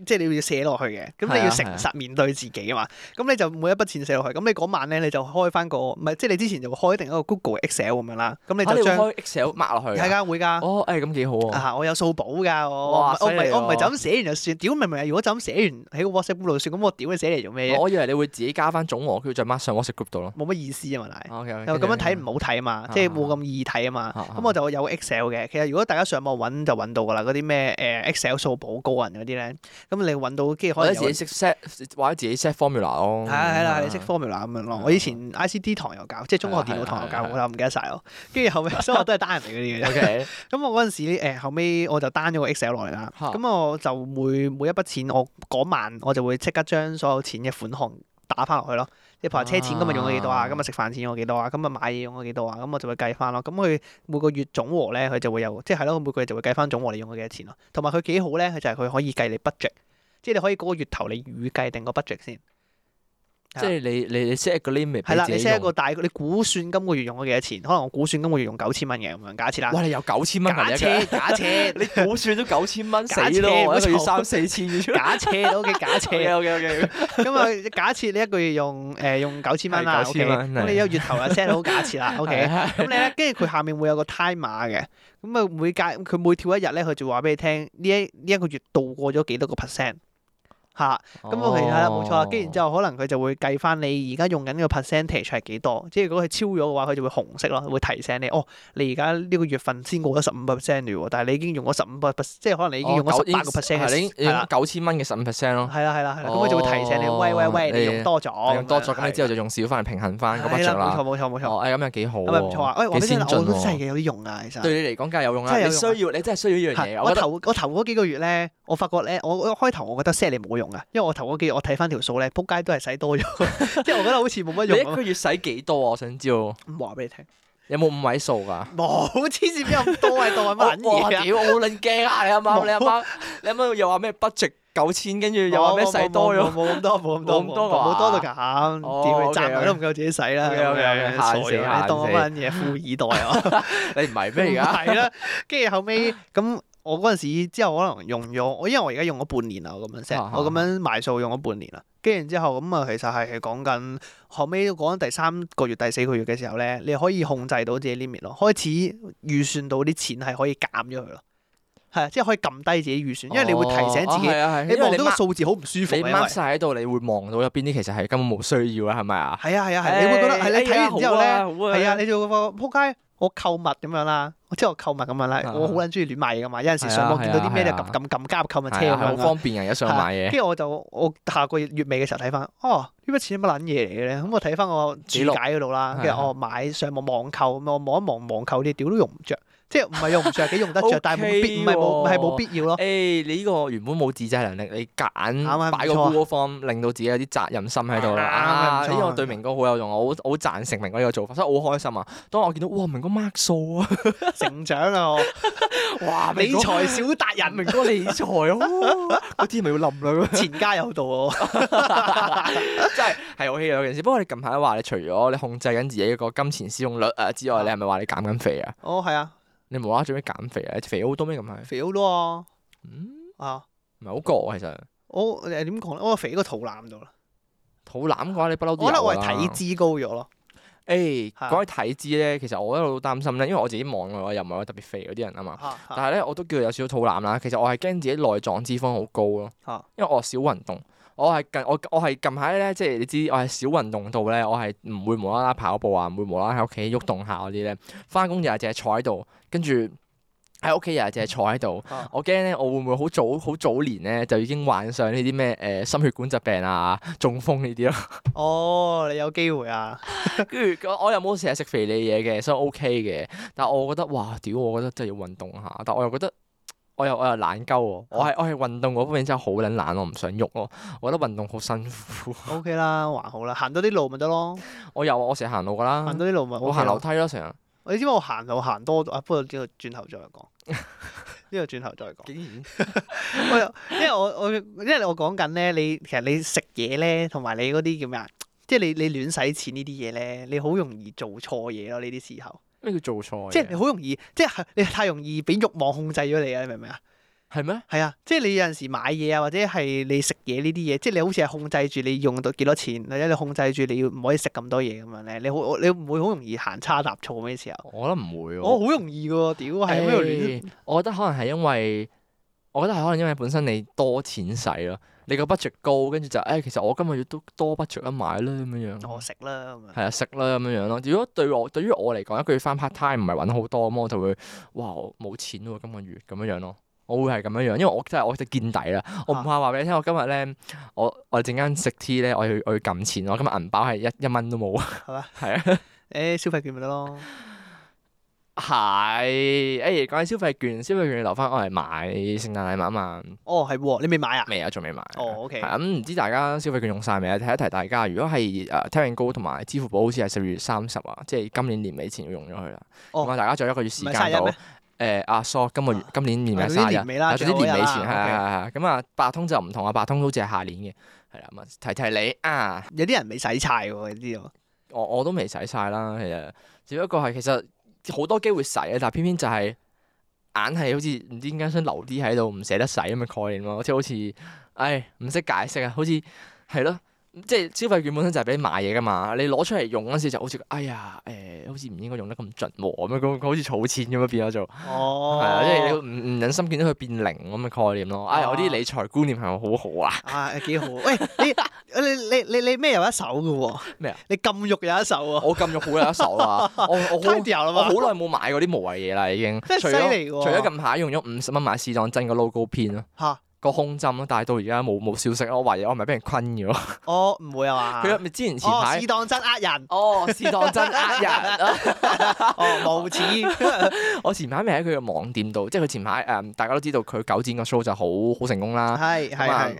即係你要寫落去嘅，咁你要誠實面對自己啊嘛。咁你就每一筆錢寫落去，咁你嗰晚咧你就開翻個，唔係即係你之前就開定一個 Google Excel 咁樣啦。咁你就將 Excel 抹落去。係㗎，會㗎。哦，咁幾好啊。我有數簿㗎，我唔係我唔係就咁寫完就算。屌明明，如果就咁寫完喺個 WhatsApp 度算，咁我屌你寫嚟做咩？我以為你會自己加翻總和，佢再 Mark 上 WhatsApp group 度咯。冇乜意思啊嘛，又咁樣睇唔好睇啊嘛，即係冇咁易睇啊嘛。咁我就有 Excel 嘅。其實如果大家上網揾就揾到㗎啦，嗰啲咩誒 Excel 數簿，高人嗰啲咧。咁你揾到機器，跟住可以自己 set，或者自己 set formula 咯。係啦係啦，你識 formula 咁樣咯。我以前 I C T 堂又教，嗯、即係中學電腦堂又教，我唔、嗯、記得晒啦。跟住、嗯、後尾，所以我都係單人嚟嗰啲嘅。咁我嗰陣時誒，後尾我就單咗個 Excel 落嚟啦。咁、嗯嗯嗯、我就每每一筆錢，我嗰晚我就會即刻將所有錢嘅款項打翻落去咯。你譬如話車錢咁啊，用咗幾多啊？咁啊食飯錢用咗幾多啊？咁啊買嘢用咗幾多啊？咁、啊嗯、我就會計翻咯。咁、嗯、佢每個月總和咧，佢就會有，即係係咯，每個月就會計翻總和你用咗幾多錢咯。同埋佢幾好咧，佢就係佢可以計你 budget，即係你可以嗰個月頭你預計定個 budget 先。即係你你你 set 一個 limit 係啦，你 set 一個大，你估算今個月用咗幾多錢？可能我估算今個月用九千蚊嘅，咁樣假設啦。哇，你有九千蚊？假設假設，你估算咗九千蚊死咯，一個月三四千。假設 OK，假設。有嘅咁啊，假設你一個月用誒用九千蚊啦，咁你一個月頭啊 set 好假設啦，OK。咁你跟住佢下面會有個 timer 嘅，咁啊每間佢每跳一日咧，佢就話俾你聽呢一呢一個月度過咗幾多個 percent。嚇，咁我其實係啦，冇錯。跟住然之後，可能佢就會計翻你而家用緊嘅 percentage 係幾多。即係如果佢超咗嘅話，佢就會紅色咯，會提醒你。哦，你而家呢個月份先過咗十五 percent 喎，但係你已經用咗十五 percent，即係可能你已經用咗十八個 percent 係已經九千蚊嘅十五 percent 咯。係啦係啦係啦，咁佢就會提醒你，喂喂喂，你用多咗，用多咗，咁你之後就用少翻嚟平衡翻咁樣啦。冇錯冇錯冇錯，咁又幾好。咁咪唔錯啊，誒我真係，我都真係有啲用啊，其實。對你嚟講梗係有用啦，你需要你真係需要依樣嘢。我頭我頭嗰幾個月咧，我發覺咧，我開頭我覺得 share 你冇用。因為我頭嗰幾日我睇翻條數咧，撲街都係使多咗，即係我覺得好似冇乜用。你一個月使幾多？我想知道喎。話俾你聽，有冇五位數噶？冇，黐線邊有咁多喺度揾嘢屌，我撚驚啊！你阿媽，你阿媽，你阿媽又話咩 budget 九千，跟住又話咩使多咗，冇咁多，冇咁多，冇多到咁，點賺都唔夠自己使啦！有有有，傻你當乜嘢？富二代啊！你唔係咩而家？係啦，跟住後尾……咁。我嗰陣時之後可能用咗，我因為我而家用咗半年啊，我咁樣先，我咁樣埋數用咗半年啦。跟住然之後咁啊，其實係講緊後尾講緊第三個月、第四個月嘅時候咧，你可以控制到自己 limit 咯，開始預算到啲錢係可以減咗佢咯。係即係可以撳低自己預算，因為你會提醒自己、哦，啊、你望到個數字好唔舒服嘅。掹曬喺度，你會望到有邊啲其實係根本冇需要啦，係咪啊？係啊係啊係，你會覺得係你睇完之後咧，係、哎、啊，啊你做個仆街，我購物咁樣啦。即係我購物咁樣啦，啊、我好撚中意亂買嘢噶嘛，有陣時上網見到啲咩咧撳撳撳加個購物車咁樣，咪好、啊、方便啊！有時候買嘢，跟住我就我下個月月尾嘅時候睇翻，哦呢筆錢乜撚嘢嚟嘅咧？咁我睇翻我註解嗰度啦，跟住我買、啊、上網網購，咁我望一望網購啲屌都用唔著。即係唔係用唔著，幾用得着，但係冇必唔係冇係冇必要咯。誒，你呢個原本冇自制能力，你夾硬擺個 form，令到自己有啲責任心喺度啦。啱啊，呢個對明哥好有用，我好好贊成明哥呢個做法，所以好開心啊！當我見到哇，明哥 mark 數啊，成長啊，我哇，理財小達人明哥理財我知啲咪要冧啦，錢家有道啊！真係係有氣有件事。不過你近排話，你除咗你控制緊自己一個金錢使用率啊之外，你係咪話你減緊肥啊？哦，係啊。你無啦啦做咩減肥,肥,肥啊，肥好多咩咁係？肥好多啊！嗯啊，唔係好覺其實過、哦，我誒點講咧，我肥個肚腩度啦。肚腩嘅話你，你不嬲都我係體脂高咗咯。誒講、欸、的起體脂咧，其實我一路都擔心咧，因為我自己望落去又唔係話特別肥嗰啲人啊嘛。的但係咧我都叫有少少肚腩啦。其實我係驚自己內臟脂肪好高咯。的因為我少運動。我係近我我係近排咧，即係你知，我係少運動到咧，我係唔會無啦啦跑步啊，唔會無啦啦喺屋企喐動下嗰啲咧。翻工又係淨係坐喺度，跟住喺屋企又係淨係坐喺度。我驚咧，我會唔會好早好早年咧就已經患上呢啲咩誒心血管疾病啊、中風呢啲咯？哦，你有機會啊？跟住 <laughs> <laughs> 我又冇成日食肥膩嘢嘅，所以 OK 嘅。但我覺得哇屌，我覺得真係要運動下，但我又覺得。我又我又懶鳩喎，我係我係運動嗰方面真係好撚懶，我唔想喐咯，我覺得運動好辛苦。O K 啦，還好啦，行多啲路咪得咯。我有啊，我成日行路㗎啦。行多啲路咪我行樓梯咯，成日。你知唔知我行路行多咗啊？不過之後轉頭再講，呢 <laughs> 個轉頭再講。竟然， <laughs> <laughs> 因為我我因為我講緊咧，你其實你食嘢咧，同埋你嗰啲叫咩啊？即係你你亂使錢呢啲嘢咧，你好容易做錯嘢咯，呢啲時候。咩叫做錯即係你好容易，即係你太容易俾慾望控制咗你啊！你明唔明啊？係咩？係啊！即係你有陣時買嘢啊，或者係你食嘢呢啲嘢，即係你好似係控制住你用到幾多錢，或者你控制住你要唔可以食咁多嘢咁樣咧？你好，你唔會好容易行差踏錯咩時候？我覺得唔會喎。我好容易嘅喎，屌係。欸、我覺得可能係因為，我覺得係可能因為本身你多錢使咯。你個 budget 高，跟住就誒、哎，其實我今個月都多 budget 一買啦。咁樣樣，我食啦咁樣。係啊，食啦咁樣樣咯。如果對我對於我嚟講，一個月翻 part time 唔係揾好多嘛，我就會哇冇錢喎，今個月咁樣樣咯。我會係咁樣樣，因為我真係我就見底啦。我唔怕話俾你聽，我今日咧，我我陣間食 tea 咧，我要我要撳錢，我今日銀包係一一蚊都冇啊。係嘛？係啊。誒，消費券咪得咯～係，誒講起消費券，消費券要留翻我嚟買聖誕禮物啊嘛。哦，係喎，你未買啊？未啊，仲未買。哦，OK。咁唔知大家消費券用晒未咧？提一提大家，如果係誒 Tap & Go 同埋支付寶，好似係十二月三十啊，即係今年年尾前要用咗佢啦。哦。咁大家仲有一個月時間到，唔係卅一咩？今個月今年年尾卅一，有啲年尾前係係係。咁啊，八通就唔同啊，八通好似係下年嘅，係啦。咁啊，提提你啊，有啲人未使晒喎，有啲我，我都未使晒啦，其實只不過係其實。好多機會使啊，但偏偏就係硬係好似唔知點解想留啲喺度，唔捨得使咁嘅概念咯，即係好似唉，唔識解釋啊，好似係咯。即係消費券本身就係俾你買嘢噶嘛，你攞出嚟用嗰時就好似，哎呀，誒，好似唔應該用得咁盡喎，咁樣咁，好似儲錢咁樣變咗做，哦，係啊，即係唔唔忍心見到佢變零咁嘅概念咯。哎呀，我啲理財觀念係好好啊，啊幾好。喂，你你你你咩有一手嘅喎？咩啊？你禁慾有一手喎？我禁慾好有一手啊！我我好，我好耐冇買過啲無謂嘢啦，已經。真係犀利喎！即係除咗，除咗近排用咗五十蚊買試當真嘅 logo 片咯。個空針咯，但係到而家冇冇消息，我懷疑我咪俾人坤嘅咯。哦，唔會啊嘛。佢咪之前前排試當真呃人。哦，試當真呃人。哦，無恥。我前排咪喺佢嘅網店度，即係佢前排誒，大家都知道佢九展個 show 就好好成功啦。係係。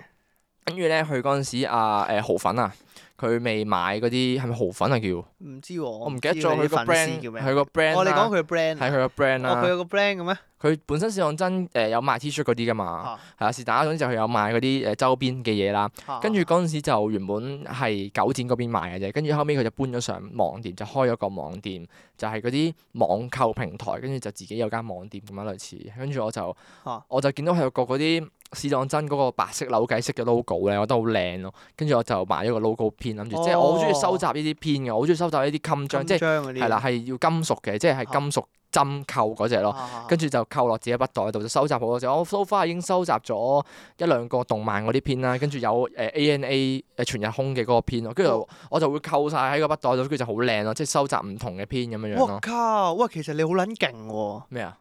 跟住咧，佢嗰陣時阿誒蚝粉啊，佢未買嗰啲係咪豪粉啊叫？唔知我唔記得咗佢個 brand 叫咩？佢個 brand 哦，你講佢個 brand 係佢個 brand 啊？佢有個 brand 嘅咩？佢本身是當真，誒有賣 T 恤嗰啲㗎嘛，係啊，是但啦，總之就佢有賣嗰啲誒周邊嘅嘢啦，跟住嗰陣時就原本係九展嗰邊賣嘅啫，跟住後尾佢就搬咗上網店，就開咗個網店，就係嗰啲網購平台，跟住就自己有間網店咁樣類似，跟住我就、啊、我就見到佢有個嗰啲。史朗真嗰個白色扭計式嘅 logo 咧，我覺得好靚咯。跟住我就買咗個 logo 片，諗住即係我好中意收集呢啲片嘅，我好中意收集呢啲襟章，即係係啦，係、就是、要金屬嘅，即係係金屬針扣嗰隻咯。跟住就扣落自己筆袋度，就收集好多隻。我 so far 已經收集咗一兩個動漫嗰啲片啦，跟住有誒、呃、ANA 誒全日空嘅嗰個片咯。跟住我就會扣晒喺個筆袋度，跟佢就好靚咯，即、就、係、是、收集唔同嘅片咁樣樣咯。哇靠！哇，其實你好撚勁喎。咩啊？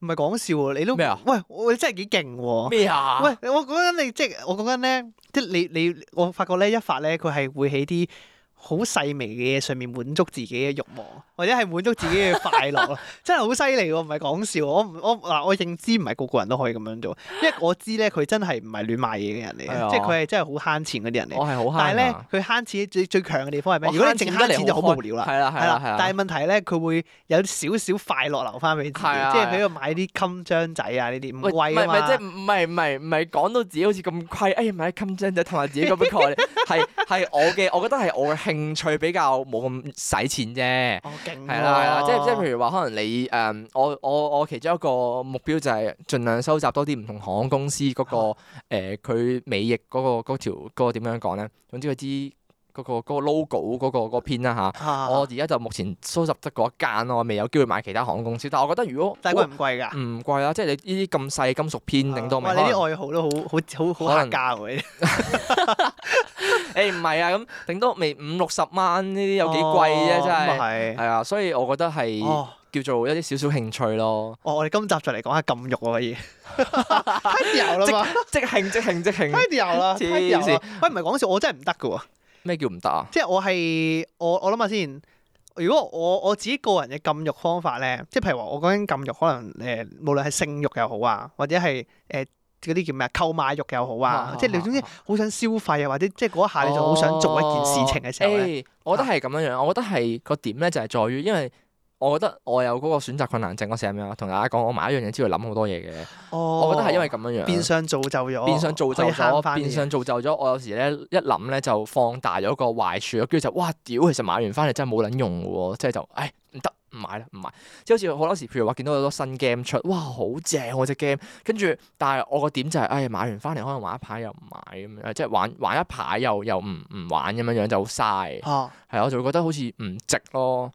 唔係講笑喎，你都咩？喂，我真係幾勁喎！咩啊？喂，我覺得你，即我覺得咧，即你你，我發覺咧一發咧，佢係會起啲好細微嘅嘢上面滿足自己嘅慾望，或者係滿足自己嘅快樂，真係好犀利喎！唔係講笑，我我嗱，我認知唔係個個人都可以咁樣做，因為我知咧佢真係唔係亂買嘢嘅人嚟嘅，即係佢係真係好慳錢嗰啲人嚟。但係咧佢慳錢最最強嘅地方係咩？如果你淨慳錢就好無聊啦。係啦。但係問題咧，佢會有少少快樂留翻俾自己，即係喺度買啲襟章仔啊，呢啲唔貴啊，唔係唔係唔係唔係講到自己好似咁虧，哎呀買啲襟章仔同埋自己咁不羣，係係我嘅，我覺得係我嘅。興趣比較冇咁使錢啫，係啦係啦，即係即譬如話可能你誒、嗯，我我我其中一個目標就係盡量收集多啲唔同航空公司嗰、嗰個誒，佢、啊呃、尾翼嗰、嗰個嗰條嗰個點樣講咧？總之佢知。嗰個嗰個 logo 嗰個嗰片啦嚇，我而家就目前收集得嗰一間咯，未有機會買其他航空公司。但係我覺得如果，但係貴唔貴㗎？唔貴啦，即係你呢啲咁細金屬片，頂多咪你啲愛好都好好好好蝦價喎。誒唔係啊，咁頂多咪五六十蚊呢啲有幾貴啫，真係係啊，所以我覺得係叫做一啲少少興趣咯。哦，我哋今集就嚟講下禁欲可以太屌啦嘛，即興即興即興太屌啦，黐線喂，唔係講笑，我真係唔得嘅喎。咩叫唔得？即係我係我我諗下先。如果我我自己個人嘅禁慾方法咧，即係譬如話我講緊禁慾，可能誒、呃、無論係性慾又好啊，或者係誒嗰啲叫咩啊，購買慾又好啊，啊即係你總之好想消費啊，或者即係嗰一下你就好想做一件事情嘅時候咧，哦欸啊、我覺得係咁樣樣。我覺得係個點咧就係在於，因為。我覺得我有嗰個選擇困難症，嗰時係咁樣，同大家講，我買一樣嘢之後諗好多嘢嘅。哦、我覺得係因為咁樣樣，變相造就咗，變相造就咗，變相造就咗。我有時咧一諗咧就放大咗個壞處，跟住就哇屌！其實買完翻嚟真係冇撚用嘅喎，即係就唉，唔得，唔買啦，唔買。即係好似好多時，譬如話見到好多新 game 出，哇好正我隻 game，跟住但係我個點就係、是、唉，買完翻嚟可能玩一排又唔買咁樣，即係玩玩一排又又唔唔玩咁樣樣就好嘥。係啊、嗯，我、嗯、就會覺得好似唔值咯。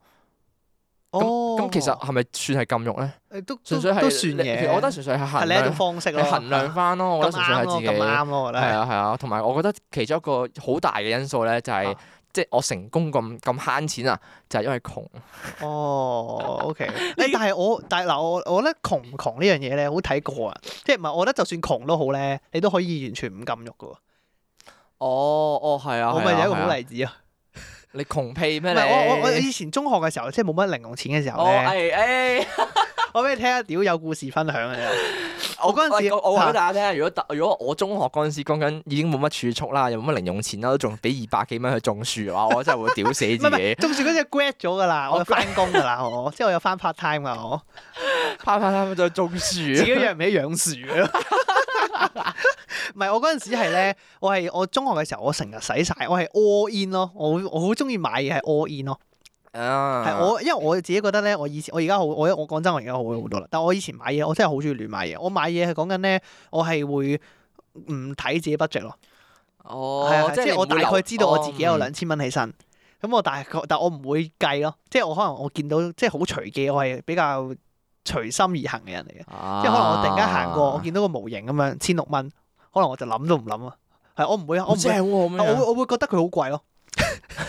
哦，咁其實係咪算係禁慾咧？誒都都都算嘅，我覺得純粹係你一種方式咯，衡量翻咯，我覺得純粹係自己。咁啱咯，我覺得。係啊係啊，同埋我覺得其中一個好大嘅因素咧，就係即係我成功咁咁慳錢啊，就係因為窮。哦，OK。但係我但係嗱，我我覺得窮唔窮呢樣嘢咧，好睇過啊，即係唔係？我覺得就算窮都好咧，你都可以完全唔禁慾嘅。哦哦，係啊，我咪有一個好例子啊！你窮屁咩？你唔係我我我以前中學嘅時候，即係冇乜零用錢嘅時候咧。Oh, aye, aye, aye. <laughs> 我俾你聽下，屌有故事分享啊！我嗰陣時，我話俾大家聽，如果如果我中學嗰陣時講緊已經冇乜儲蓄啦，又冇乜零用錢啦，都仲俾二百幾蚊去種樹嘅話，我真係會屌死自己。種樹嗰陣 grad 咗噶啦，我翻工噶啦，我即係我有翻 part time 噶我。part time 再種樹，自己養唔起養樹 <laughs> 唔係， <laughs> 我嗰陣時係咧，我係我中學嘅時候，我成日使晒，我係 all in 咯，我我好中意買嘢係 all in 咯。係、uh, 我，因為我自己覺得咧，我以前我而家好，我我講真，我而家好咗好多啦。嗯、但我以前買嘢，我真係好中意亂買嘢。我買嘢係講緊咧，我係會唔睇自己 budget 咯。哦、oh, 是，即係我大概知道我自己有兩千蚊起身，咁我大概，但我唔會計咯，即係我可能我見到即係好隨機，我係比較。隨心而行嘅人嚟嘅，啊、即係可能我突然間行過，我見到個模型咁樣千六蚊，可能我就諗都唔諗啊，係我唔會，我唔、啊、我，我會覺得佢好貴咯，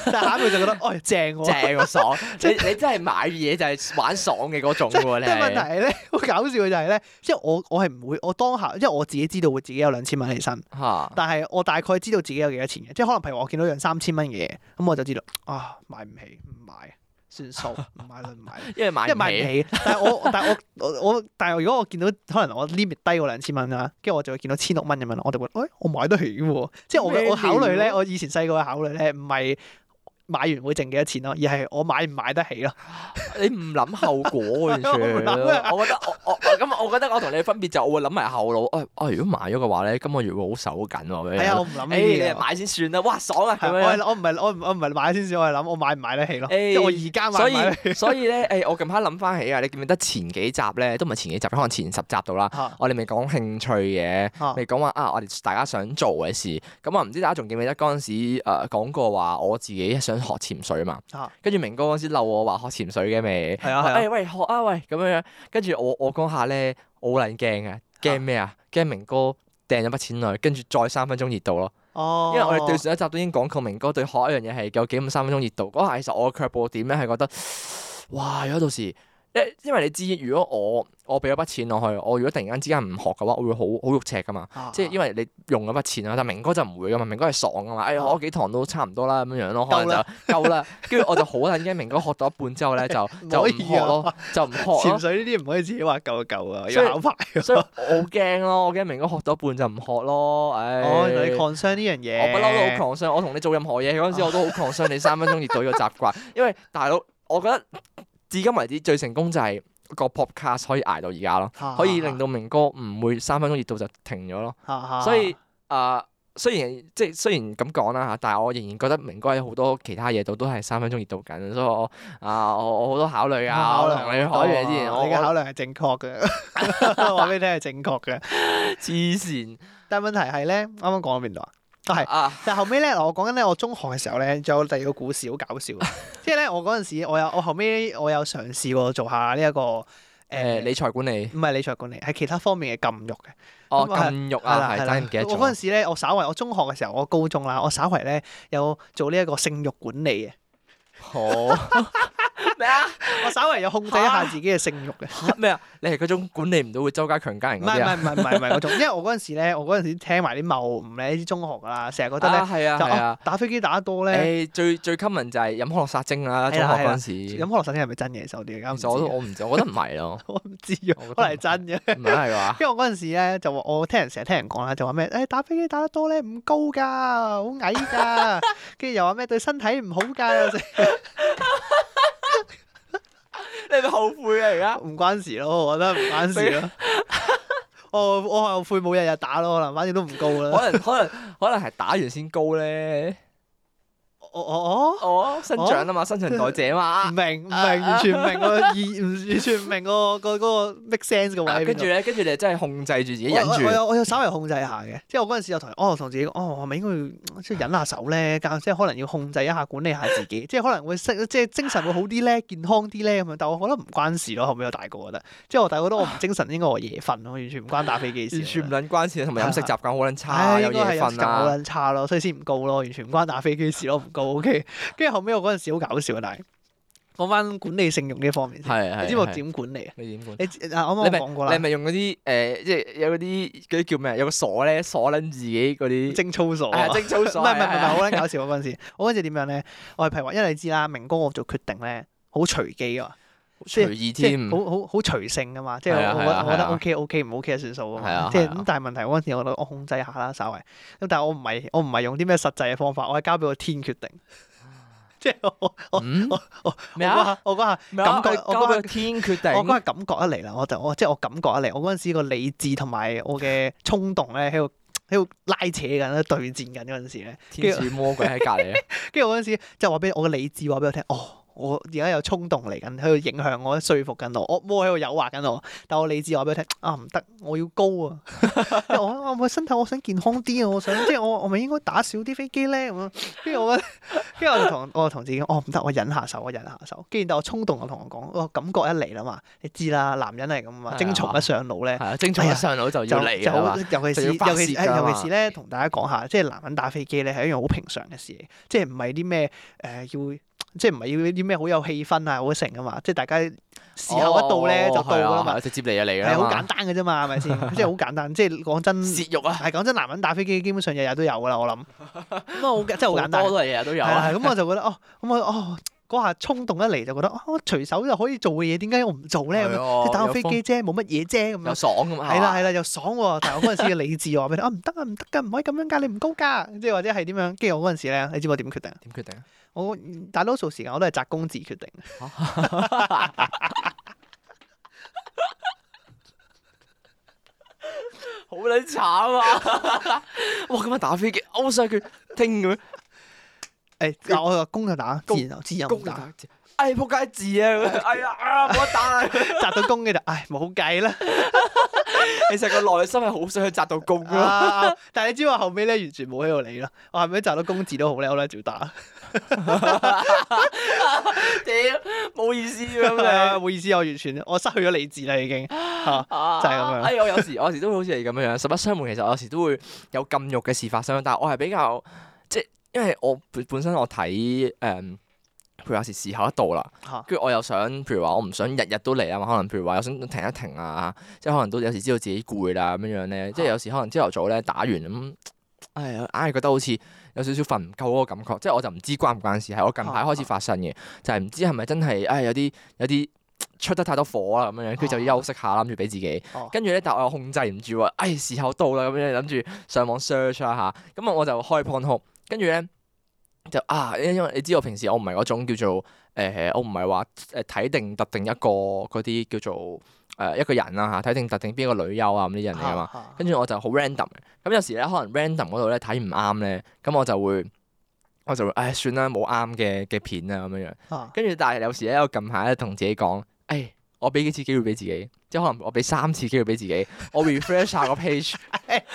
<laughs> 但係下佢就覺得，哎，正喎、啊，正、啊、爽，即係 <laughs> 你，你真係買嘢就係玩爽嘅嗰種喎咧、啊 <laughs> 是。即係問題咧，好搞笑嘅就係咧，即係我我係唔會，我當下即係我自己知道會自己有兩千蚊起身，啊、但係我大概知道自己有幾多錢嘅，即係可能譬如我見到樣三千蚊嘅嘢，咁我就知道啊，買唔起，唔買。算數唔買，唔買，因為買，因為買唔起。 <laughs> 但係我，但係我，我，但係如果我見到可能我 limit 低過兩千蚊啊，跟住我就會見到千六蚊咁樣我就會，哎、欸，我買得起喎。即係我，我考慮咧，我以前細個嘅考慮咧，唔係。買完會剩幾多錢咯，而係我買唔買得起咯？你唔諗後果完全，我覺得我我咁，我覺得我同你分別就我會諗埋後腦，誒，我如果買咗嘅話咧，今個月會好手緊。係啊，我唔諗買先算啦，哇，爽啊！我唔係我唔係買先算，我係諗我買唔買得起咯。誒，我而家買唔買？所以咧，誒，我近排諗翻起啊，你記唔記得前幾集咧，都唔係前幾集，可能前十集到啦。我哋未講興趣嘅，未講話啊，我哋大家想做嘅事。咁啊，唔知大家仲記唔記得嗰陣時誒講過話我自己想。學潛水嘛，跟住、啊、明哥嗰時漏我話學潛水嘅咪，誒、啊啊欸、喂學啊喂咁樣樣，跟住我我講下咧，我好撚驚啊，驚咩啊？驚明哥掟咗筆錢落去，跟住再三分鐘熱度咯。啊、因為我哋對上一集都已經講過，明哥對學一樣嘢係有幾咁三分鐘熱度。嗰下其實我嘅卻步點咧係覺得，哇，如果到時。因為你知，如果我我俾咗筆錢落去，我如果突然間之間唔學嘅話，我會好好肉赤噶嘛。啊、即係因為你用咗筆錢啊，但明哥就唔會噶嘛，明哥係爽噶嘛。哎呀，嗯、我幾堂都差唔多啦，咁樣樣咯，了可能就夠啦。跟住 <laughs> 我就好緊張，明哥學到一半之後咧，可以就就唔學咯，就唔學。潛水呢啲唔可以自己話夠就夠啊，要考牌，所以所以我好驚咯，我驚明哥學到一半就唔學咯。哎，哦、你我係 concern 呢樣嘢，我不嬲都好 concern。我同你做任何嘢嗰陣時，啊、 <laughs> 我都好 concern。你三分鐘熱度呢個習慣，因為大佬，我覺得。至今為止最成功就係個 podcast 可以捱到而家咯，啊、可以令到明哥唔會三分鐘熱度就停咗咯。啊、所以啊、呃，雖然即係雖然咁講啦，但係我仍然覺得明哥有好多其他嘢度都係三分鐘熱度緊，所以我啊、呃，我我好多考慮啊。 <laughs> 我考慮， <laughs> 我考慮之前， <laughs> <laughs> 我嘅考量係正確嘅，話俾你聽係正確嘅，黐線。但係問題係咧，啱啱講咗邊度啊？啊係、哦，但後尾咧，我講緊咧，我中學嘅時候咧，仲有第二個故事，好搞笑。即係咧，我嗰陣時，我有，我後尾我有嘗試過做下呢、這、一個誒、呃欸、理財管理，唔係理財管理，係其他方面嘅禁慾嘅。哦，禁慾啊，係的，但係唔記得我嗰陣時咧，我稍為，我中學嘅時候，我高中啦，我稍為咧有做呢一個性慾管理嘅。好。 <laughs> 咩啊？我稍微要控制一下自己嘅性慾嘅。咩啊？你係嗰種管理唔到會周街強姦人嗰啲啊？唔係唔係唔係唔係嗰種，因為我嗰陣時咧，我嗰陣時聽埋啲茂唔理啲中學噶啦，成日覺得咧，打飛機打得多咧。誒，最最 common 就係飲可樂殺精啦，中學嗰陣時。飲可樂殺精係咪真嘢？手電？我唔知，我唔我覺得唔係咯。我唔知啊，我係真嘅。唔係話。因為我嗰陣時咧，就我聽人成日聽人講啦，就話咩誒打飛機打得多咧唔高㗎，好矮㗎，跟住又話咩對身體唔好㗎。你係咪後悔啊？而家唔關事咯，我覺得唔關事咯 <laughs> <laughs> 我我後悔冇日日打咯，可能反正都唔高啦。可能可能可能係打完先高咧。哦，哦，哦，我生長啊嘛，新陳代謝嘛啊嘛，唔明唔明，完全唔明個意，完全唔明個個嗰個 make sense 嘅話跟住咧，跟住你真係控制住自己忍住。我有我有稍微控制下嘅，即係我嗰陣時又同，我同自己講，哦，係咪應該要、嗯、即係忍下手咧？但即係可能要控制一下、管理下自己，即係可能會識，即係精神會好啲咧，健康啲咧咁樣。 <laughs> 但我覺得唔關事咯，後尾又大個覺得，即係我大個覺得我唔精神應該 <music> 我夜瞓咯，完全唔關打飛機事，啊。 <music> 完全唔撚關事，同埋飲食習慣好撚差，哎、有夜瞓啊。好撚差咯，所以先唔告唔高咯，完全唔關打飛機事咯，唔高。O K，跟住後尾我嗰陣時好搞笑啊！但係講翻管理性慾呢一方面先，你知我點管理啊？你點管？你我啱啱講過啦。你係咪用嗰啲誒，即係有嗰啲嗰啲叫咩啊？有個鎖咧，鎖撚自己嗰啲精操鎖啊，精操鎖。唔係唔係唔係，好撚 <laughs> 搞笑嗰陣時。嗰陣 <laughs> 時點樣咧？我係譬如話，因為你知啦，明哥我做決定咧，好隨機啊。隨意添，好好好隨性噶嘛，即係我我覺得 O K O K 唔 O K 算數啊嘛，啊即係咁但係問題嗰陣時我控制下啦，稍微咁，但係我唔係我唔係用啲咩實際嘅方法，我係交俾個天決定，即係我我我、嗯、我，我，咩啊？我我，我感覺，我嗰下天決定，我嗰下感覺一嚟，啦我就我即係我感覺一嚟，我嗰陣時個理智同埋我嘅衝動咧喺度喺度拉扯緊咧，對戰緊嗰陣時咧，天使魔鬼喺隔籬啊，跟住嗰陣時就話俾我嘅理智話俾我聽，哦。我而家有衝動嚟緊，喺度影響我，説服緊我，惡魔喺度誘惑緊我。但我理智話俾佢聽，啊唔得，我要高啊！ <laughs> 我我身體我想健康啲啊，我想 <laughs> 即係我我咪應該打少啲飛機咧咁樣。跟住我跟住我，我同我同自己講，哦唔得，我忍下手，我忍下手。既然但係我衝動我，我同我講，我感覺一嚟啦嘛，你知啦，男人係咁啊，精蟲一上腦咧，哎、呀精蟲一上腦就要嚟啊嘛。尤其是尤其，尤其是咧，同大家講下，即係男人打飛機咧係一樣好平常嘅事，嚟，即係唔係啲咩誒要？即係唔係要啲咩好有氣氛啊，好成啊嘛？即係大家時候一到咧就到啦嘛。直接嚟啊嚟啦，係好簡單嘅啫嘛，係咪先？即係好簡單，即係講真。禁慾啊！係講真，男人打飛機基本上日日都有㗎喇，我諗。咁啊，真係好簡單，多都係日日都有。係啦，咁我就覺得哦，咁我哦嗰下衝動一嚟就覺得哦，隨手就可以做嘅嘢，點解我唔做咧？即係打個飛機啫，冇乜嘢啫，咁樣。又爽㗎嘛！係啦係啦，又爽喎！但係我嗰陣時嘅理智話俾你聽，唔得啊唔得㗎，唔可以咁樣㗎，你唔高架，即係或者係點樣？跟住我嗰陣時咧，你知我點決定？點決定？我大多數時間我都係擲公字決定，好撚慘啊！哇，今日打飛機，拗曬佢，聽佢、欸，誒、 <laughs> 哎，我話公就打，公自然又公自然打。唉，仆街字啊！哎呀啊，冇得打啦， <laughs> 扎到公嘅就，唉、哎，冇計啦。其實 <laughs> <laughs> 個內心係好想去扎到公噶、 <laughs> 啊，但係你知我知後尾咧，完全冇喺度理啦。我係咪扎到公字都好咧，我咧就打。屌，冇意思咁 <laughs> 啊！冇意思，我完全我失去咗理智啦，已、啊、經，啊、就係咁樣。哎，我有時我有時都會好似你咁樣樣。實不相瞞，其實我有時都會有禁欲嘅事發生，但係我係比較即因為我本本身我睇誒。嗯嗯。譬如有時時候一到啦，跟住我又想，譬如話我唔想日日都嚟啊嘛，可能譬如話又想停一停啊，即係可能都有時知道自己攰啦咁樣樣咧，即係有時可能朝頭早咧打完咁，呀，硬係覺得好似有少少瞓唔夠嗰個感覺，即係我就唔知關唔關事，係我近排開始發生嘅，就係唔知係咪真係唉有啲有啲出得太多火啦咁樣，跟住就要休息下，諗住俾自己，跟住咧但我又控制唔住喎，唉時候到啦咁樣，諗住上網 search 一下，咁我就開 Pornhub，跟住咧。就啊，因為你知道我平時我唔係嗰種叫做誒、呃，我唔係話誒睇定特定一個嗰啲叫做誒、呃、一個人啦、啊、嚇，睇定特定邊個女優啊咁啲人嚟啊嘛，跟住、啊啊、我就好 random 嘅。咁有時咧可能 random 嗰度咧睇唔啱咧，咁我就會我就會誒、哎、算啦，冇啱嘅嘅片啊咁樣樣。跟住、啊、但係有時咧、哎，我近排咧同自己講，誒我俾幾次機會俾自己。即可能我俾三次機會俾自己，我 refresh 下個 page，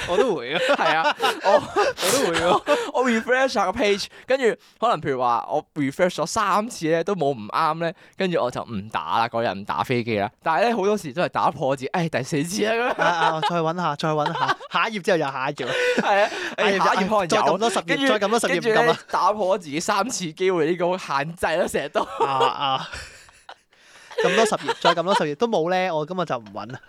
我都會，係啊，我我都會我 refresh 下個 page，跟住可能譬如話我 refresh 咗三次咧都冇唔啱咧，跟住我就唔打啦，嗰日唔打飛機啦。但係咧好多時都係打破自誒第四次啦，啊啊，再揾下，再揾下，下頁之後又下頁，係啊，下頁可能再咁多十頁，再咁多十頁，跟住打破咗自己三次機會呢個限制咯，成日都。咁多十頁，再咁多十頁都冇咧，我今日就唔揾啦。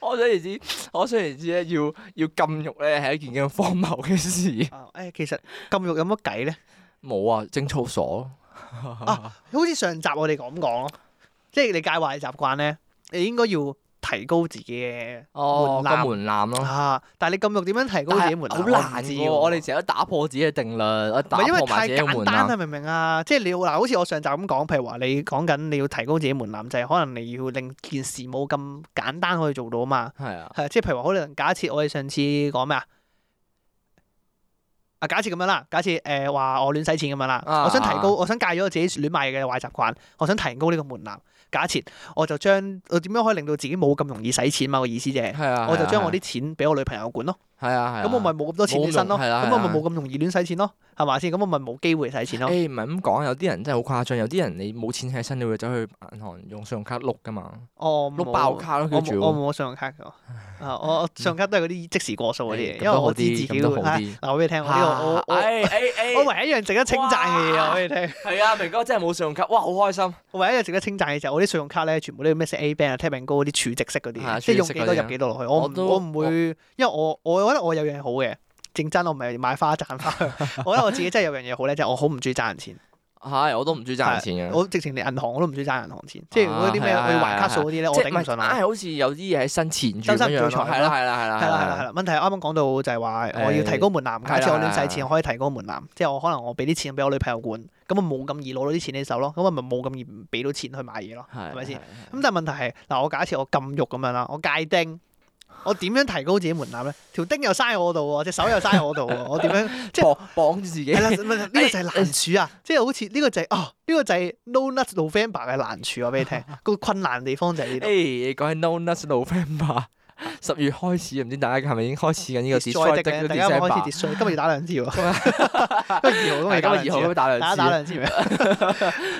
可 <laughs> 想而知，可想而知咧，要要禁欲咧係一件咁荒謬嘅事。誒， <laughs> 其實禁欲有乜計咧？冇啊，貞操所咯。 <laughs> 啊，好似上集我哋咁講咯，即係你戒壞習慣咧，你應該要。提高自己嘅哦個門檻咯嚇、哦啊啊，但係你咁樣點樣提高自己門檻？好難嘅喎，我哋成日都打破自己嘅定律，一打破自己嘅門檻，因為太簡單啦，明唔明啊？即係你要嗱，好似我上集咁講，譬如話你講緊你要提高自己門檻，就係、是、可能你要令件事冇咁簡單可以做到啊嘛。係啊，即係譬如話可能假設我哋上次講咩啊？啊，假設咁樣啦，假設誒話、呃、我亂使錢咁樣啦，啊啊我想提高，我想戒咗我自己亂買嘢嘅壞習慣，我想提高呢個門檻。假設我就將我，點樣可以令到自己冇咁容易使錢嘛，個意思就係，啊啊啊、我就將我啲錢俾我女朋友管咯。係啊，係啊。咁我咪冇咁多錢起身咯，咁我咪冇咁容易亂使錢咯，係嘛先？咁我咪冇機會使錢咯。誒，唔係咁講，有啲人真係好誇張，有啲人你冇錢起身，你會走去銀行用信用卡碌噶嘛。哦，碌爆卡咯，我我冇信用卡噶，我信用卡都係嗰啲即時過數嗰啲嘢，因為我自己都好啲。我俾你聽，我呢個我我我唯一一樣值得稱讚嘅嘢，我俾你聽。係啊，明哥真係冇信用卡，哇，好開心！唯一一樣值得稱讚嘅就係我啲信用卡咧，全部都咩先 A bank 啊、Tapping 嗰啲儲值式嗰啲，即係用幾多入幾多落去，我我唔會，因為我我。我覺得我有樣嘢好嘅，正真我唔係買花賺花。我覺得我自己真係有樣嘢好咧，就係、是、我好唔中意賺人錢。係，我都唔中意賺人錢嘅。我直情連銀行、啊就是、我都唔中意賺銀行錢。即係如果啲咩去還卡數嗰啲咧，我頂唔順啦。係，好似有啲嘢喺身前住咁樣。係啦係啦係啦係啦係啦係啦。問題啱啱講到就係話，我要提高門檻。假設我亂使錢，我可以提高門檻。即係、就是、我可能我俾啲錢俾我女朋友管，咁啊冇咁易攞到啲錢喺手咯。咁啊咪冇咁易俾到錢去買嘢咯，係咪先？咁但係問題係嗱，我假設我禁慾咁樣啦，mattress，我戒丁。我點樣提高自己門檻咧？條釘又嘥喺我度喎，隻手又嘥喺我度喎。我點樣即係 <laughs> 綁綁住自己？係啦，呢個就係難處啊！ <laughs> 即係好似呢個就係、是、哦，呢、呢個就係 No Nut November 嘅難處話俾你聽。個 <laughs> 困難地方就係呢度。誒，你講起 No Nut November 十月開始，唔知大家係咪已經開始緊呢個跌水的呢啲嘅版？今日要打兩支喎，今日二號都未打，二號打打兩支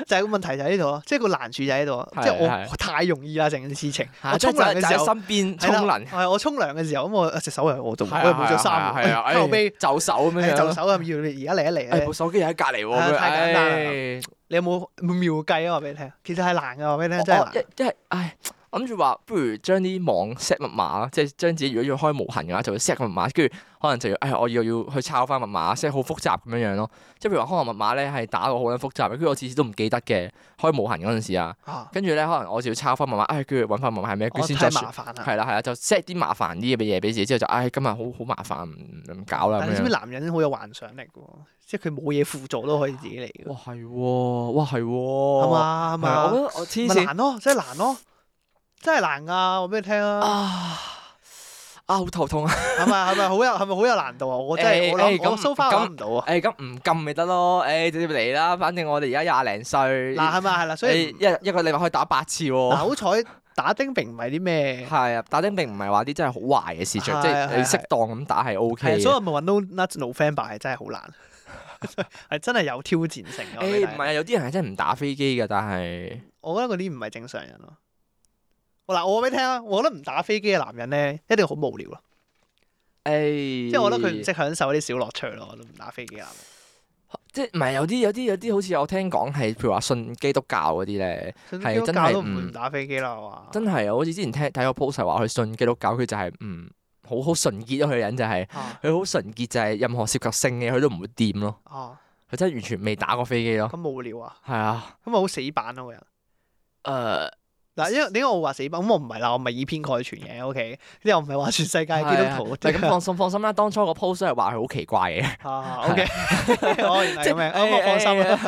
就係個問題就喺呢度咯，即係個難處就喺度，即係我太容易啦成件事情。我沖涼嘅時候，身邊沖涼我沖涼嘅時候，咁我隻手係我做，我冇着衫，後尾就手咁樣？就手係咪要？而家嚟一嚟，部手機又喺隔籬，太簡單，你有冇妙計啊？話俾你聽，其實係難嘅，話俾你聽真係難。即係唉。我諗住話，不如將啲網 set 密碼，即係將自己如果要開無痕嘅話就會，就 set 個密碼，跟住可能就要，哎，我又要，要去抄翻密碼，set 好複雜咁樣樣咯。即係譬如話可能密碼咧係打到好鬼複雜，跟住我次次都唔記得嘅。開無痕嗰陣時啊，跟住咧可能我就要抄翻密碼，哎，跟住搵翻密碼係咩，佢先得。麻煩啊！係啦係啦，看看啊、就 set 啲麻煩啲嘅嘢俾自己，之後就，哎，今日好好麻煩，唔搞啦咁樣。你知唔知男人好有幻想力嘅喎？即係佢冇嘢輔助都可以自己嚟、哎。哇係，哇係，係嘛係咪？我黐線咯，真係難咯、啊。真係難啊！我俾你聽啊！啊，啊好頭痛啊！係咪係咪好有係咪好有難度啊？我真係我諗我 so far 諗唔到啊！誒，咁唔撳咪得咯？誒，直接嚟啦！反正我哋而家廿零歲，嗱係咪係啦？所以一一個禮拜可以打八次喎。好彩打丁丁唔係啲咩？係啊，打丁丁唔係話啲真係好壞嘅事情，即係你適當咁打係 O K 嘅。所以我咪搵到 No Nut November 吧，係真係好難，係真係有挑戰性。誒，唔係啊，有啲人係真係唔打飛機嘅，但係我覺得嗰啲唔係正常人咯。嗱，我俾你聽啊！我覺得唔打飛機嘅男人咧，一定好無聊咯。誒、哎，即係我覺得佢唔識享受啲小樂趣咯。我都唔打飛機男人。即係唔係有啲有啲有啲好似我聽講係，譬如話信基督教嗰啲咧，係真係唔、嗯、打飛機啦，係、嗯、嘛？真係啊！好似之前聽睇個 post 係話佢信基督教，佢就係唔好好純潔咯佢個人、就是，啊、就係佢好純潔，就係任何涉及性嘅，佢都唔會掂咯。哦、啊，佢真係完全未打過飛機咯。咁、嗯、無聊啊！係啊，咁咪好死板咯！個人、啊。誒、呃。呃嗱，因為點解我話死板？咁我唔係啦，我唔係以偏概全嘅，O K。因為我唔係話全世界基督徒，你咁放心，放心啦。當初個 post 係話佢好奇怪嘅，O K。哦，原來咁樣，咁放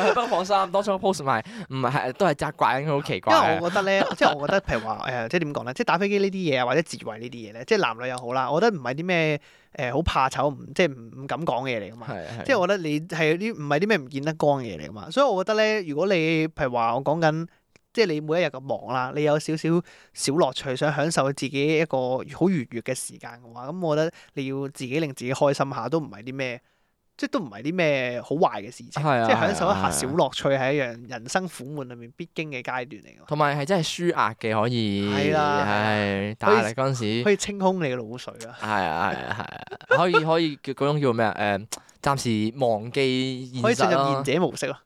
心，不放心。當初個 post 唔係都係責怪緊佢好奇怪。因為我覺得咧，即係我覺得譬如話，誒，即係點講咧？即係打飛機呢啲嘢啊，或者自慰呢啲嘢咧，即係男女又好啦。我覺得唔係啲咩誒好怕醜，唔即係唔唔敢講嘢嚟噶嘛。即係我覺得你係啲唔係啲咩唔見得光嘅嘢嚟噶嘛。所以我覺得咧，如果你譬如話我講緊。即係你每一日咁忙啦，你有少少小樂趣想享受自己一個好愉悅嘅時間嘅話，咁我覺得你要自己令自己開心下都唔係啲咩，即係都唔係啲咩好壞嘅事情， <music> 即係享受一下小樂趣係一樣人生苦悶裏面必經嘅階段嚟噶。同埋係真係舒壓嘅可以，係，但係你嗰陣時可以清空你嘅腦髓啊，係啊係啊係啊，啊，可以可以叫嗰種叫咩啊，誒。 <laughs> <music> 暫時忘記現實可以進入賢者模式咯。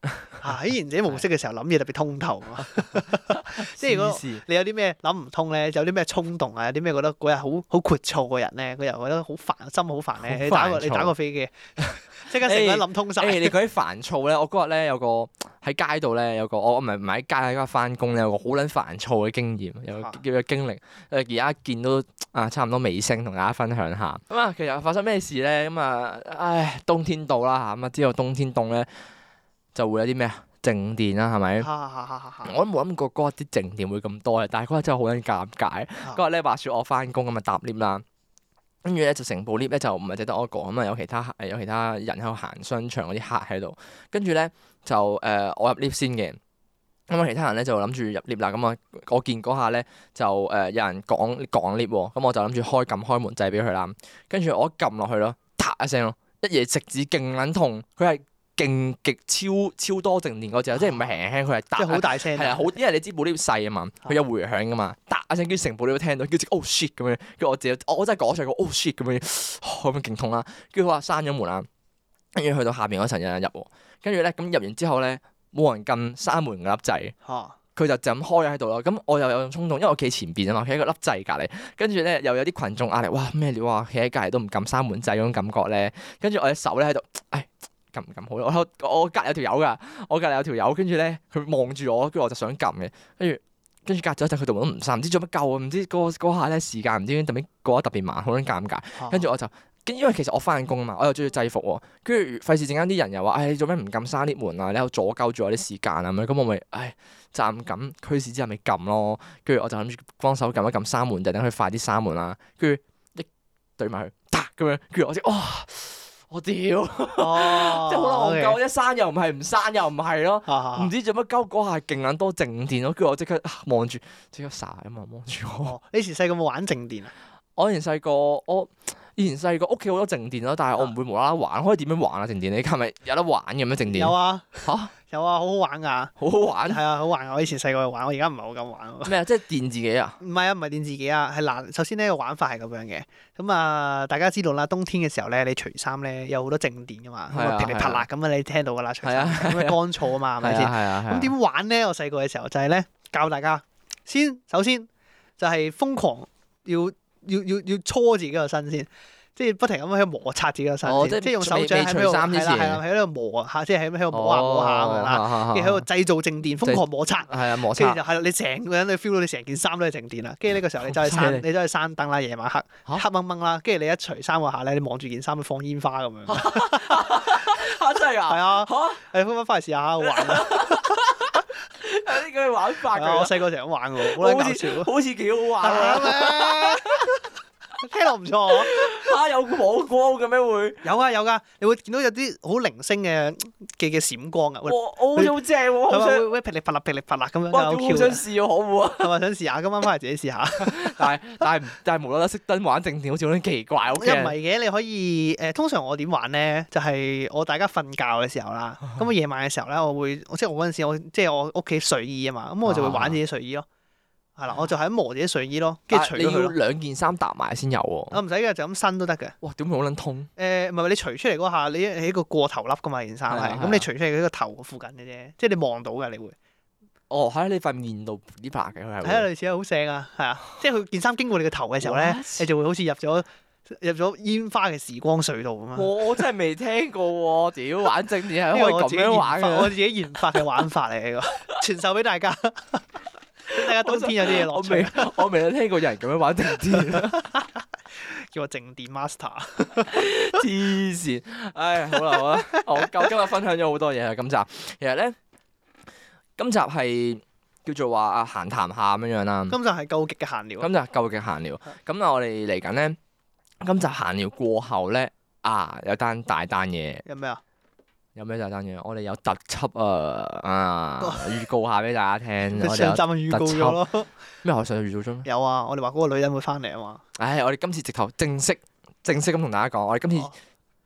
喺賢、 <laughs> 啊、者模式嘅時候諗嘢 <laughs> 特別通透， <laughs> <laughs> 即係如果你有啲咩諗唔通咧，有啲咩衝動啊，有啲咩覺得嗰日好好闊燥嘅人咧，嗰日覺得好煩，心好煩咧，你打個你打個飛機。 <laughs> 即刻成個人諗通曬。誒你佢喺煩躁咧，我嗰日咧有個喺街度咧有個， <laughs> 我唔係唔喺街，而家翻工咧有個好撚煩躁嘅經驗，有叫佢經歷。而家見到啊，差唔多尾聲，同大家分享下。咁、嗯、啊，其實發生咩事咧？咁啊，唉，冬天到啦，咁啊知道冬天凍咧就會有啲咩靜電啦，係咪？ <laughs> 我都冇諗過嗰日啲靜電會咁多嘅，但係嗰日真係好撚尷尬。嗰日咧話説我翻工咁啊，搭 lift 啦。跟住咧就成部 lift 咧就唔係淨得我一個，咁啊有其他誒有其他人喺度行商場嗰啲客喺度，跟住咧就誒、呃、我入 lift 先嘅，咁啊其他人咧就諗住入 lift 啦，咁啊我見嗰下咧就誒有人講講 lift 喎，咁我就諗住開撳開門掣俾佢啦，跟住我撳落去咯，嗒一聲咯，一夜食指勁撚痛，佢係。勁極超超多靜電嗰隻，即係唔係輕輕，佢係好大聲，係啊，好，因為你知部 lift 細啊嘛，佢有迴響噶嘛，嗒一聲，跟住成部都聽到，叫住 oh shit 咁樣，跟住我自己，我真係講出個 oh shit 咁樣，我咁樣勁痛啦，跟住佢話閂咗門啦，跟住去到下面嗰層有人入喎，跟住咧咁入完之後咧，冇人撳閂門嗰粒掣，佢就就咁開咗喺度咯，咁我又有種衝動，因為我企前邊啊嘛，企喺個粒掣隔離，跟住咧又有啲群眾壓力，哇咩料啊，企喺隔離都唔撳閂門掣嗰種感覺咧，跟住我隻手咧喺度，哎。撳唔撳好？我我，我隔離有條友㗎，我隔離有條友，跟住咧佢望住我，跟住我就想撳嘅，跟住跟住隔咗一陣，佢度門都唔閂，唔知做乜鳩啊？唔知嗰、嗰、下咧時間唔知點，特別過得特別慢，好撚尷尬。跟住我就跟，因為其實我翻緊工啊嘛，我又中意制服喎，跟住費事陣間啲人又、哎、你話、啊，唉、啊，做咩唔撳閂啲門啊？你又阻鳩住我啲時間啊咁，咁我咪唉暫咁。驅使之下咪撳咯。跟住我就諗住幫手撳一撳閂門，就等佢快啲閂門啦。跟住一對埋佢，撻，咁樣跟住我先哇！我屌，即係好戇鳩，一閂又唔係，唔閂又唔係咯，唔知做乜鳩。嗰下勁撚多靜電咯，跟住我即刻望住，即刻嘥啊咁望住我。Oh，你以前細個冇玩靜電啊？我以前細個我。以前細個屋企好多靜電咯，但係我唔會無啦啦玩，可以點樣玩啊？靜電你而家係咪有得玩嘅咩？靜電有啊，吓有啊，好好玩㗎，好好玩，係啊，好玩，我以前細個玩，我而家唔係好敢玩。咩啊？即係電自己啊？唔係啊，唔係電自己啊，係嗱，首先咧個玩法係咁樣嘅，咁啊大家知道啦，冬天嘅時候咧，你除衫咧有好多靜電㗎嘛，劈劈啪啦咁啊，你聽到㗎啦，除衫咁啊乾燥啊嘛，係咪先？咁點玩咧？我細個嘅時候就係咧教大家，先首先就係瘋狂要。要要要搓自己個身先，即係不停咁樣喺度摩擦自己個身，即係用手掌喺度，係啦係喺度磨下。即係喺度磨下磨下嘅啦，跟住喺度製造靜電，瘋狂摩擦，係啊摩擦，跟住就係你成個人你 feel 到你成件衫都係靜電啦，跟住呢個時候你走去山，你走去山燈啦，夜晚黑黑掹掹啦，跟住你一除衫嗰下咧，你望住件衫放煙花咁樣，真係噶，係啊，嚇，誒，可唔可以翻去試下玩？啲咁嘅玩法嘅，我細個成日玩嘅，好搞笑，好似幾好玩 <laughs> 聽落唔錯，啊，嚇 <laughs> 有火光嘅咩會？有啊有噶，你會見到有啲好零星嘅嘅嘅閃光，好正好正啊！我我好似好正喎，好想，會會劈嚟劈嚟劈嚟劈嚟咁樣，好哇想試喎可唔啊。係咪 <laughs> 想試下今晚翻嚟自己試下， <laughs> <laughs> 但係但係但係無啦啦熄燈玩靜電，好似有啲奇怪又唔係嘅，你可以誒？通常我點玩咧？就係、是、我大家瞓覺嘅時候啦，咁我夜晚嘅時候咧，我會即係我嗰陣時，我即係我屋企睡衣啊嘛，咁我就會玩自己睡衣咯。啊 <laughs> 係啦，我就係咁磨自己睡衣咯，跟住除咗佢。你要兩件衫搭埋先有喎。唔使嘅，就咁伸都得嘅。哇，點會好撚痛。誒，唔係唔係，你除出嚟嗰下，你係一個過頭笠噶嘛，件衫係，咁你除出嚟喺個頭附近嘅啫，即係你望到嘅，你會。哦，喺你塊面度呢 part 嘅佢係。係啊，類似好正啊，係啊，即係佢件衫經過你個頭嘅時候咧，你就會好似入咗入咗煙花嘅時光隧道咁啊。我真係未聽過，屌玩正點係可以咁樣玩嘅，我自己研發嘅玩法嚟噶，傳授俾大家。大家冬天有啲嘢落，我未我未有聽過人咁樣玩靜電，叫我靜電 master，黐 <laughs> 線，唉，好啦好啦，我今今日分享咗好多嘢啊，今集其實咧，今集係叫做話啊閒談下咁樣啦，今集係究極嘅閒聊，今集究極閒聊，咁啊我哋嚟緊咧，今集閒聊過後咧啊有單大單嘢，有咩啊？有咩大單嘢？我哋有特輯啊！啊，預 <laughs> 告下俾大家聽。 <laughs> 上集咪預告咗咯？咩？ <laughs> 我上集預告咗咩？有啊！我哋話嗰個女人會翻嚟啊嘛。唉、哎，我哋今次直頭正式、正式咁同大家講，我哋今次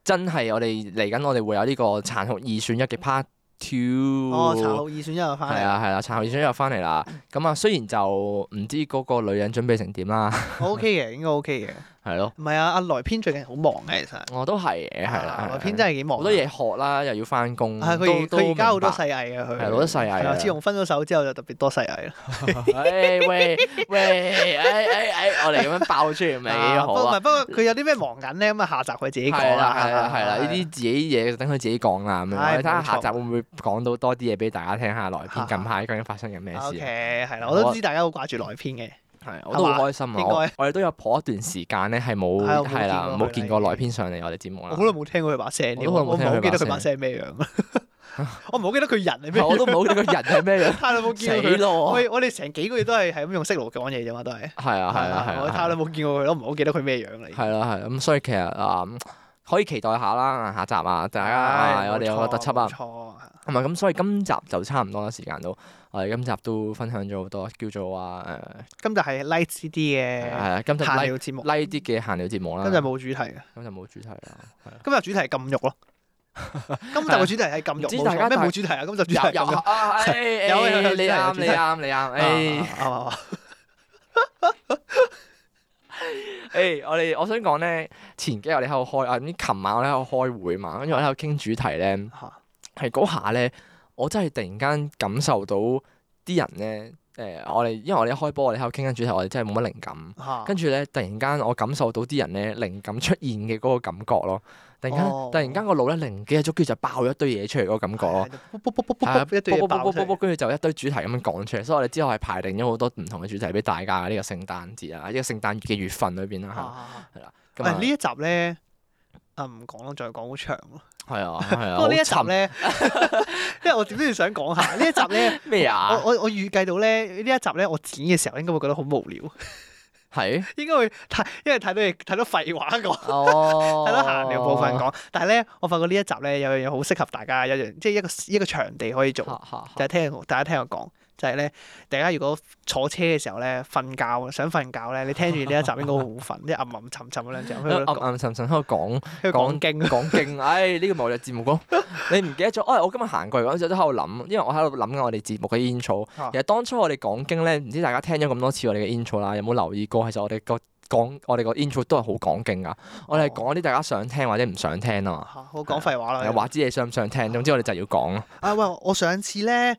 真係、哦、我哋嚟緊，我哋會有呢個殘酷二選一嘅 part two。哦，殘酷二選一又翻嚟。係啊，係啦，殘酷二選一又翻嚟啦。咁啊，雖然就唔知嗰個女人準備成點啦。好 OK 嘅，應該 OK 嘅。 <noise> <noise> 係咯，唔係啊！阿來編最近好忙嘅，其實我都係，係來編真係幾忙，好多嘢學啦，又要翻工。係佢而家好多細藝啊，佢係好多細藝。自從分咗手之後，就特別多細藝。喂喂喂！哎哎哎！我哋咁樣爆出嚟咪幾好啊？唔係，不過佢有啲咩忙緊咧？咁啊下集佢自己講啦，係啦係啦，呢啲自己嘢等佢自己講啦咁樣。睇下下集會唔會講到多啲嘢俾大家聽下來編近排究竟發生緊咩事？OK，係啦，我都知大家好掛住來編嘅。係，我都好開心啊！應該？我我哋都有頗一段時間咧，係冇係啦，冇見過內篇上嚟我哋節目啦。我好耐冇聽過佢把聲，我好耐冇聽佢把聲。我唔好記得佢把聲係咩樣，我都唔好記得佢人係咩樣。我好耐冇見佢，我哋成幾個月都係係咁用色狼講嘢啫嘛，都係。係啊係啊係啊！我好耐冇見過佢咯，唔好記得佢咩樣嚟。係啦係啦，咁所以其實啊。可以期待下啦，下集啊！大家，我哋有個特輯啊，唔錯，係咪？咁，所以今集就差唔多時間到。我哋今集都分享咗好多叫做話誒。今集係 light 啲嘅閒聊節目，light 啲嘅閒聊節目啦。今集冇主題啊，今集冇主題啊。今集主題係禁慾咯。今集嘅主題係禁慾。咩冇主題啊？今集主題有啊！誒誒，你啱你啱你啱，啱嘛？誒、 <laughs> hey，我哋我想講咧，前幾日我喺度開啊，呢琴晚我哋喺度開會嘛，跟住我喺度傾主題咧，係嗰下咧，我真係突然間感受到啲人咧，誒，我哋因為我哋一開波，我哋喺度傾緊主題，我哋真係冇乜靈感，跟住咧突然間我感受到啲人咧靈感出現嘅嗰個感覺咯。突然間，oh. 突然間個腦咧靈機一觸跟住就爆咗一堆嘢出嚟嗰個感覺咯。跟住、哦、 <noise> 就一堆主題咁樣講出嚟。所以我哋之後係排定咗好多唔同嘅主題俾大家呢、這個聖誕節啊，呢、這個聖誕嘅月份裏邊啦，係啦、啊。唔係呢一集咧，啊、嗯、唔講咯，再講好長。係啊，係啊。不過呢一集咧， <laughs> 因為我點都要想講下呢一集咧咩 <laughs> 啊？我我我預計到咧呢一集咧，我剪嘅時候應該會覺得好無聊。係應該會睇，因為睇到嘢，睇到廢話講，睇、哦、 <laughs> 到閒聊部分講。哦、但係咧，我發覺呢一集咧有樣嘢好適合大家，有樣即係一個一個場地可以做，就係聽大家聽我講。就係咧，大家如果坐車嘅時候咧，瞓覺想瞓覺咧，你聽住呢一集應該會好瞓，啲暗暗沉沉嗰兩隻喺度講。暗暗沉沉喺度講，講經講經，唉，呢個咪我哋節目咯。你唔記得咗？唉，我今日行過嚟嗰陣時都喺度諗，因為我喺度諗緊我哋節目嘅 intro。其實當初我哋講經咧，唔知大家聽咗咁多次我哋嘅 intro 啦，有冇留意過？其實我哋個講我哋個 intro 都係好講經噶。我哋講啲大家想聽或者唔想聽吖嘛，好講廢話啦。話知你想唔想聽？總之我哋就要講咯。啊喂，我上次咧。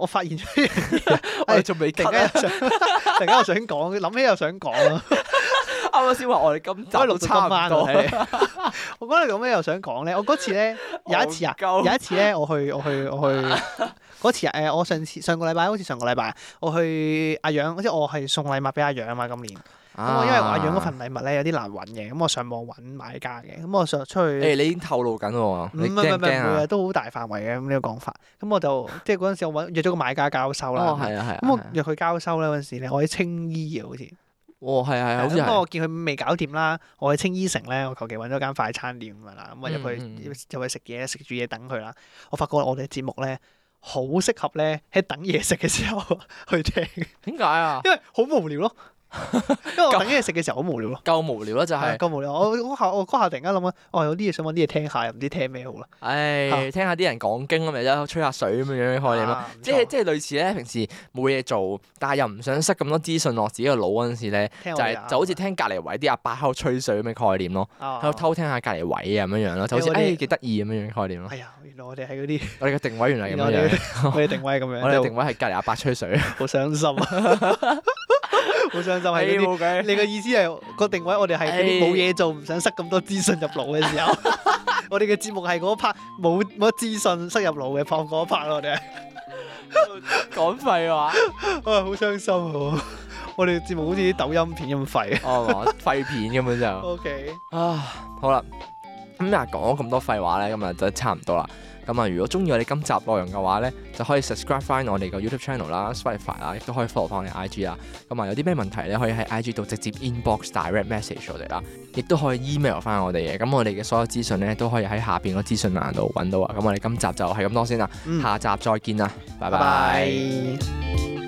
我發現咗嘢，我哋仲未定啊！突然間又想講，諗 <laughs> 起又想講啊！啱啱先話我哋今週差唔多 <laughs> <laughs> 我覺，我得你咁樣又想講咧？我嗰次咧有一次啊，很有一次咧，我去我去我去嗰 <laughs> <laughs> 次啊！誒，我上次上個禮拜好似上個禮拜，我去阿楊，好、就、似、是、我係送禮物俾阿楊啊嘛，今年。啊、因為我養嗰份禮物咧有啲難揾嘅，咁我上網揾買家嘅，咁我上出去、欸。你已經透露緊喎。唔唔唔，都好大範圍嘅咁呢個講法。咁我就即係嗰陣時，我揾約咗個買家交收啦。咁、哦啊啊、我約佢交收咧嗰時咧，我喺青衣、哦、啊，好似。哦，係啊，係咁我見佢未搞掂啦，我喺青衣城咧，我求其揾咗間快餐店咁樣啦，咁入去入、嗯嗯、去食嘢，食住嘢等佢啦。我發覺我哋嘅節目咧，好適合咧喺等嘢食嘅時候去聽。點解啊？因為好無聊咯。 <laughs> 因為我食嘅時候好無聊咯，夠無聊啦，就係，夠無聊。我，我下我下突然間諗啊，我有啲嘢想搵啲嘢聽下，又唔知聽咩好啦。唉，聽下啲人講經咁樣吹下水咁樣樣嘅概念咯。即係即係類似咧，平時冇嘢做，但係又唔想塞咁多資訊落自己個腦嗰陣時咧，就係就好似聽隔籬位啲阿伯喺度吹水咁嘅概念咯。喺度偷聽下隔籬位咁樣樣咯，就好似誒，幾得意咁樣嘅概念咯。原來我哋喺嗰啲我哋嘅定位原來係咁樣樣，我哋 <laughs> 定位係咁樣，我哋定位係隔籬阿伯吹水，好傷 <laughs> 傷心啊！ <laughs> 好傷心，係呢啲。問你嘅意思係、嗰個定位，我哋係嗰冇嘢做，唔、欸、想塞咁多資訊入腦嘅時候。 <laughs> <laughs> 我哋嘅節目係嗰一 part 冇冇資訊塞入腦嘅，放嗰一 part 咯，我哋。講廢話。 <laughs> 啊，好傷心啊！我哋嘅節目好似啲抖音片咁廢。 <laughs> 哦，廢片咁樣就。O K。啊，好啦，今日講咗咁多廢話咧，咁啊就差唔多啦。咁啊，如果中意我哋今集內容嘅話咧，就可以 subscribe 翻我哋個 YouTube channel 啦、Spotify 啦，亦都可以 follow 翻我哋 IG 啦。咁啊，有啲咩問題咧，可以喺 IG 度直接 inbox direct message 我哋啦，亦都可以 email 翻我哋嘅。咁我哋嘅所有資訊咧，都可以喺下邊個資訊欄度揾到啊。咁我哋今集就係咁多先啦，嗯、下集再見啦，拜拜。Bye bye。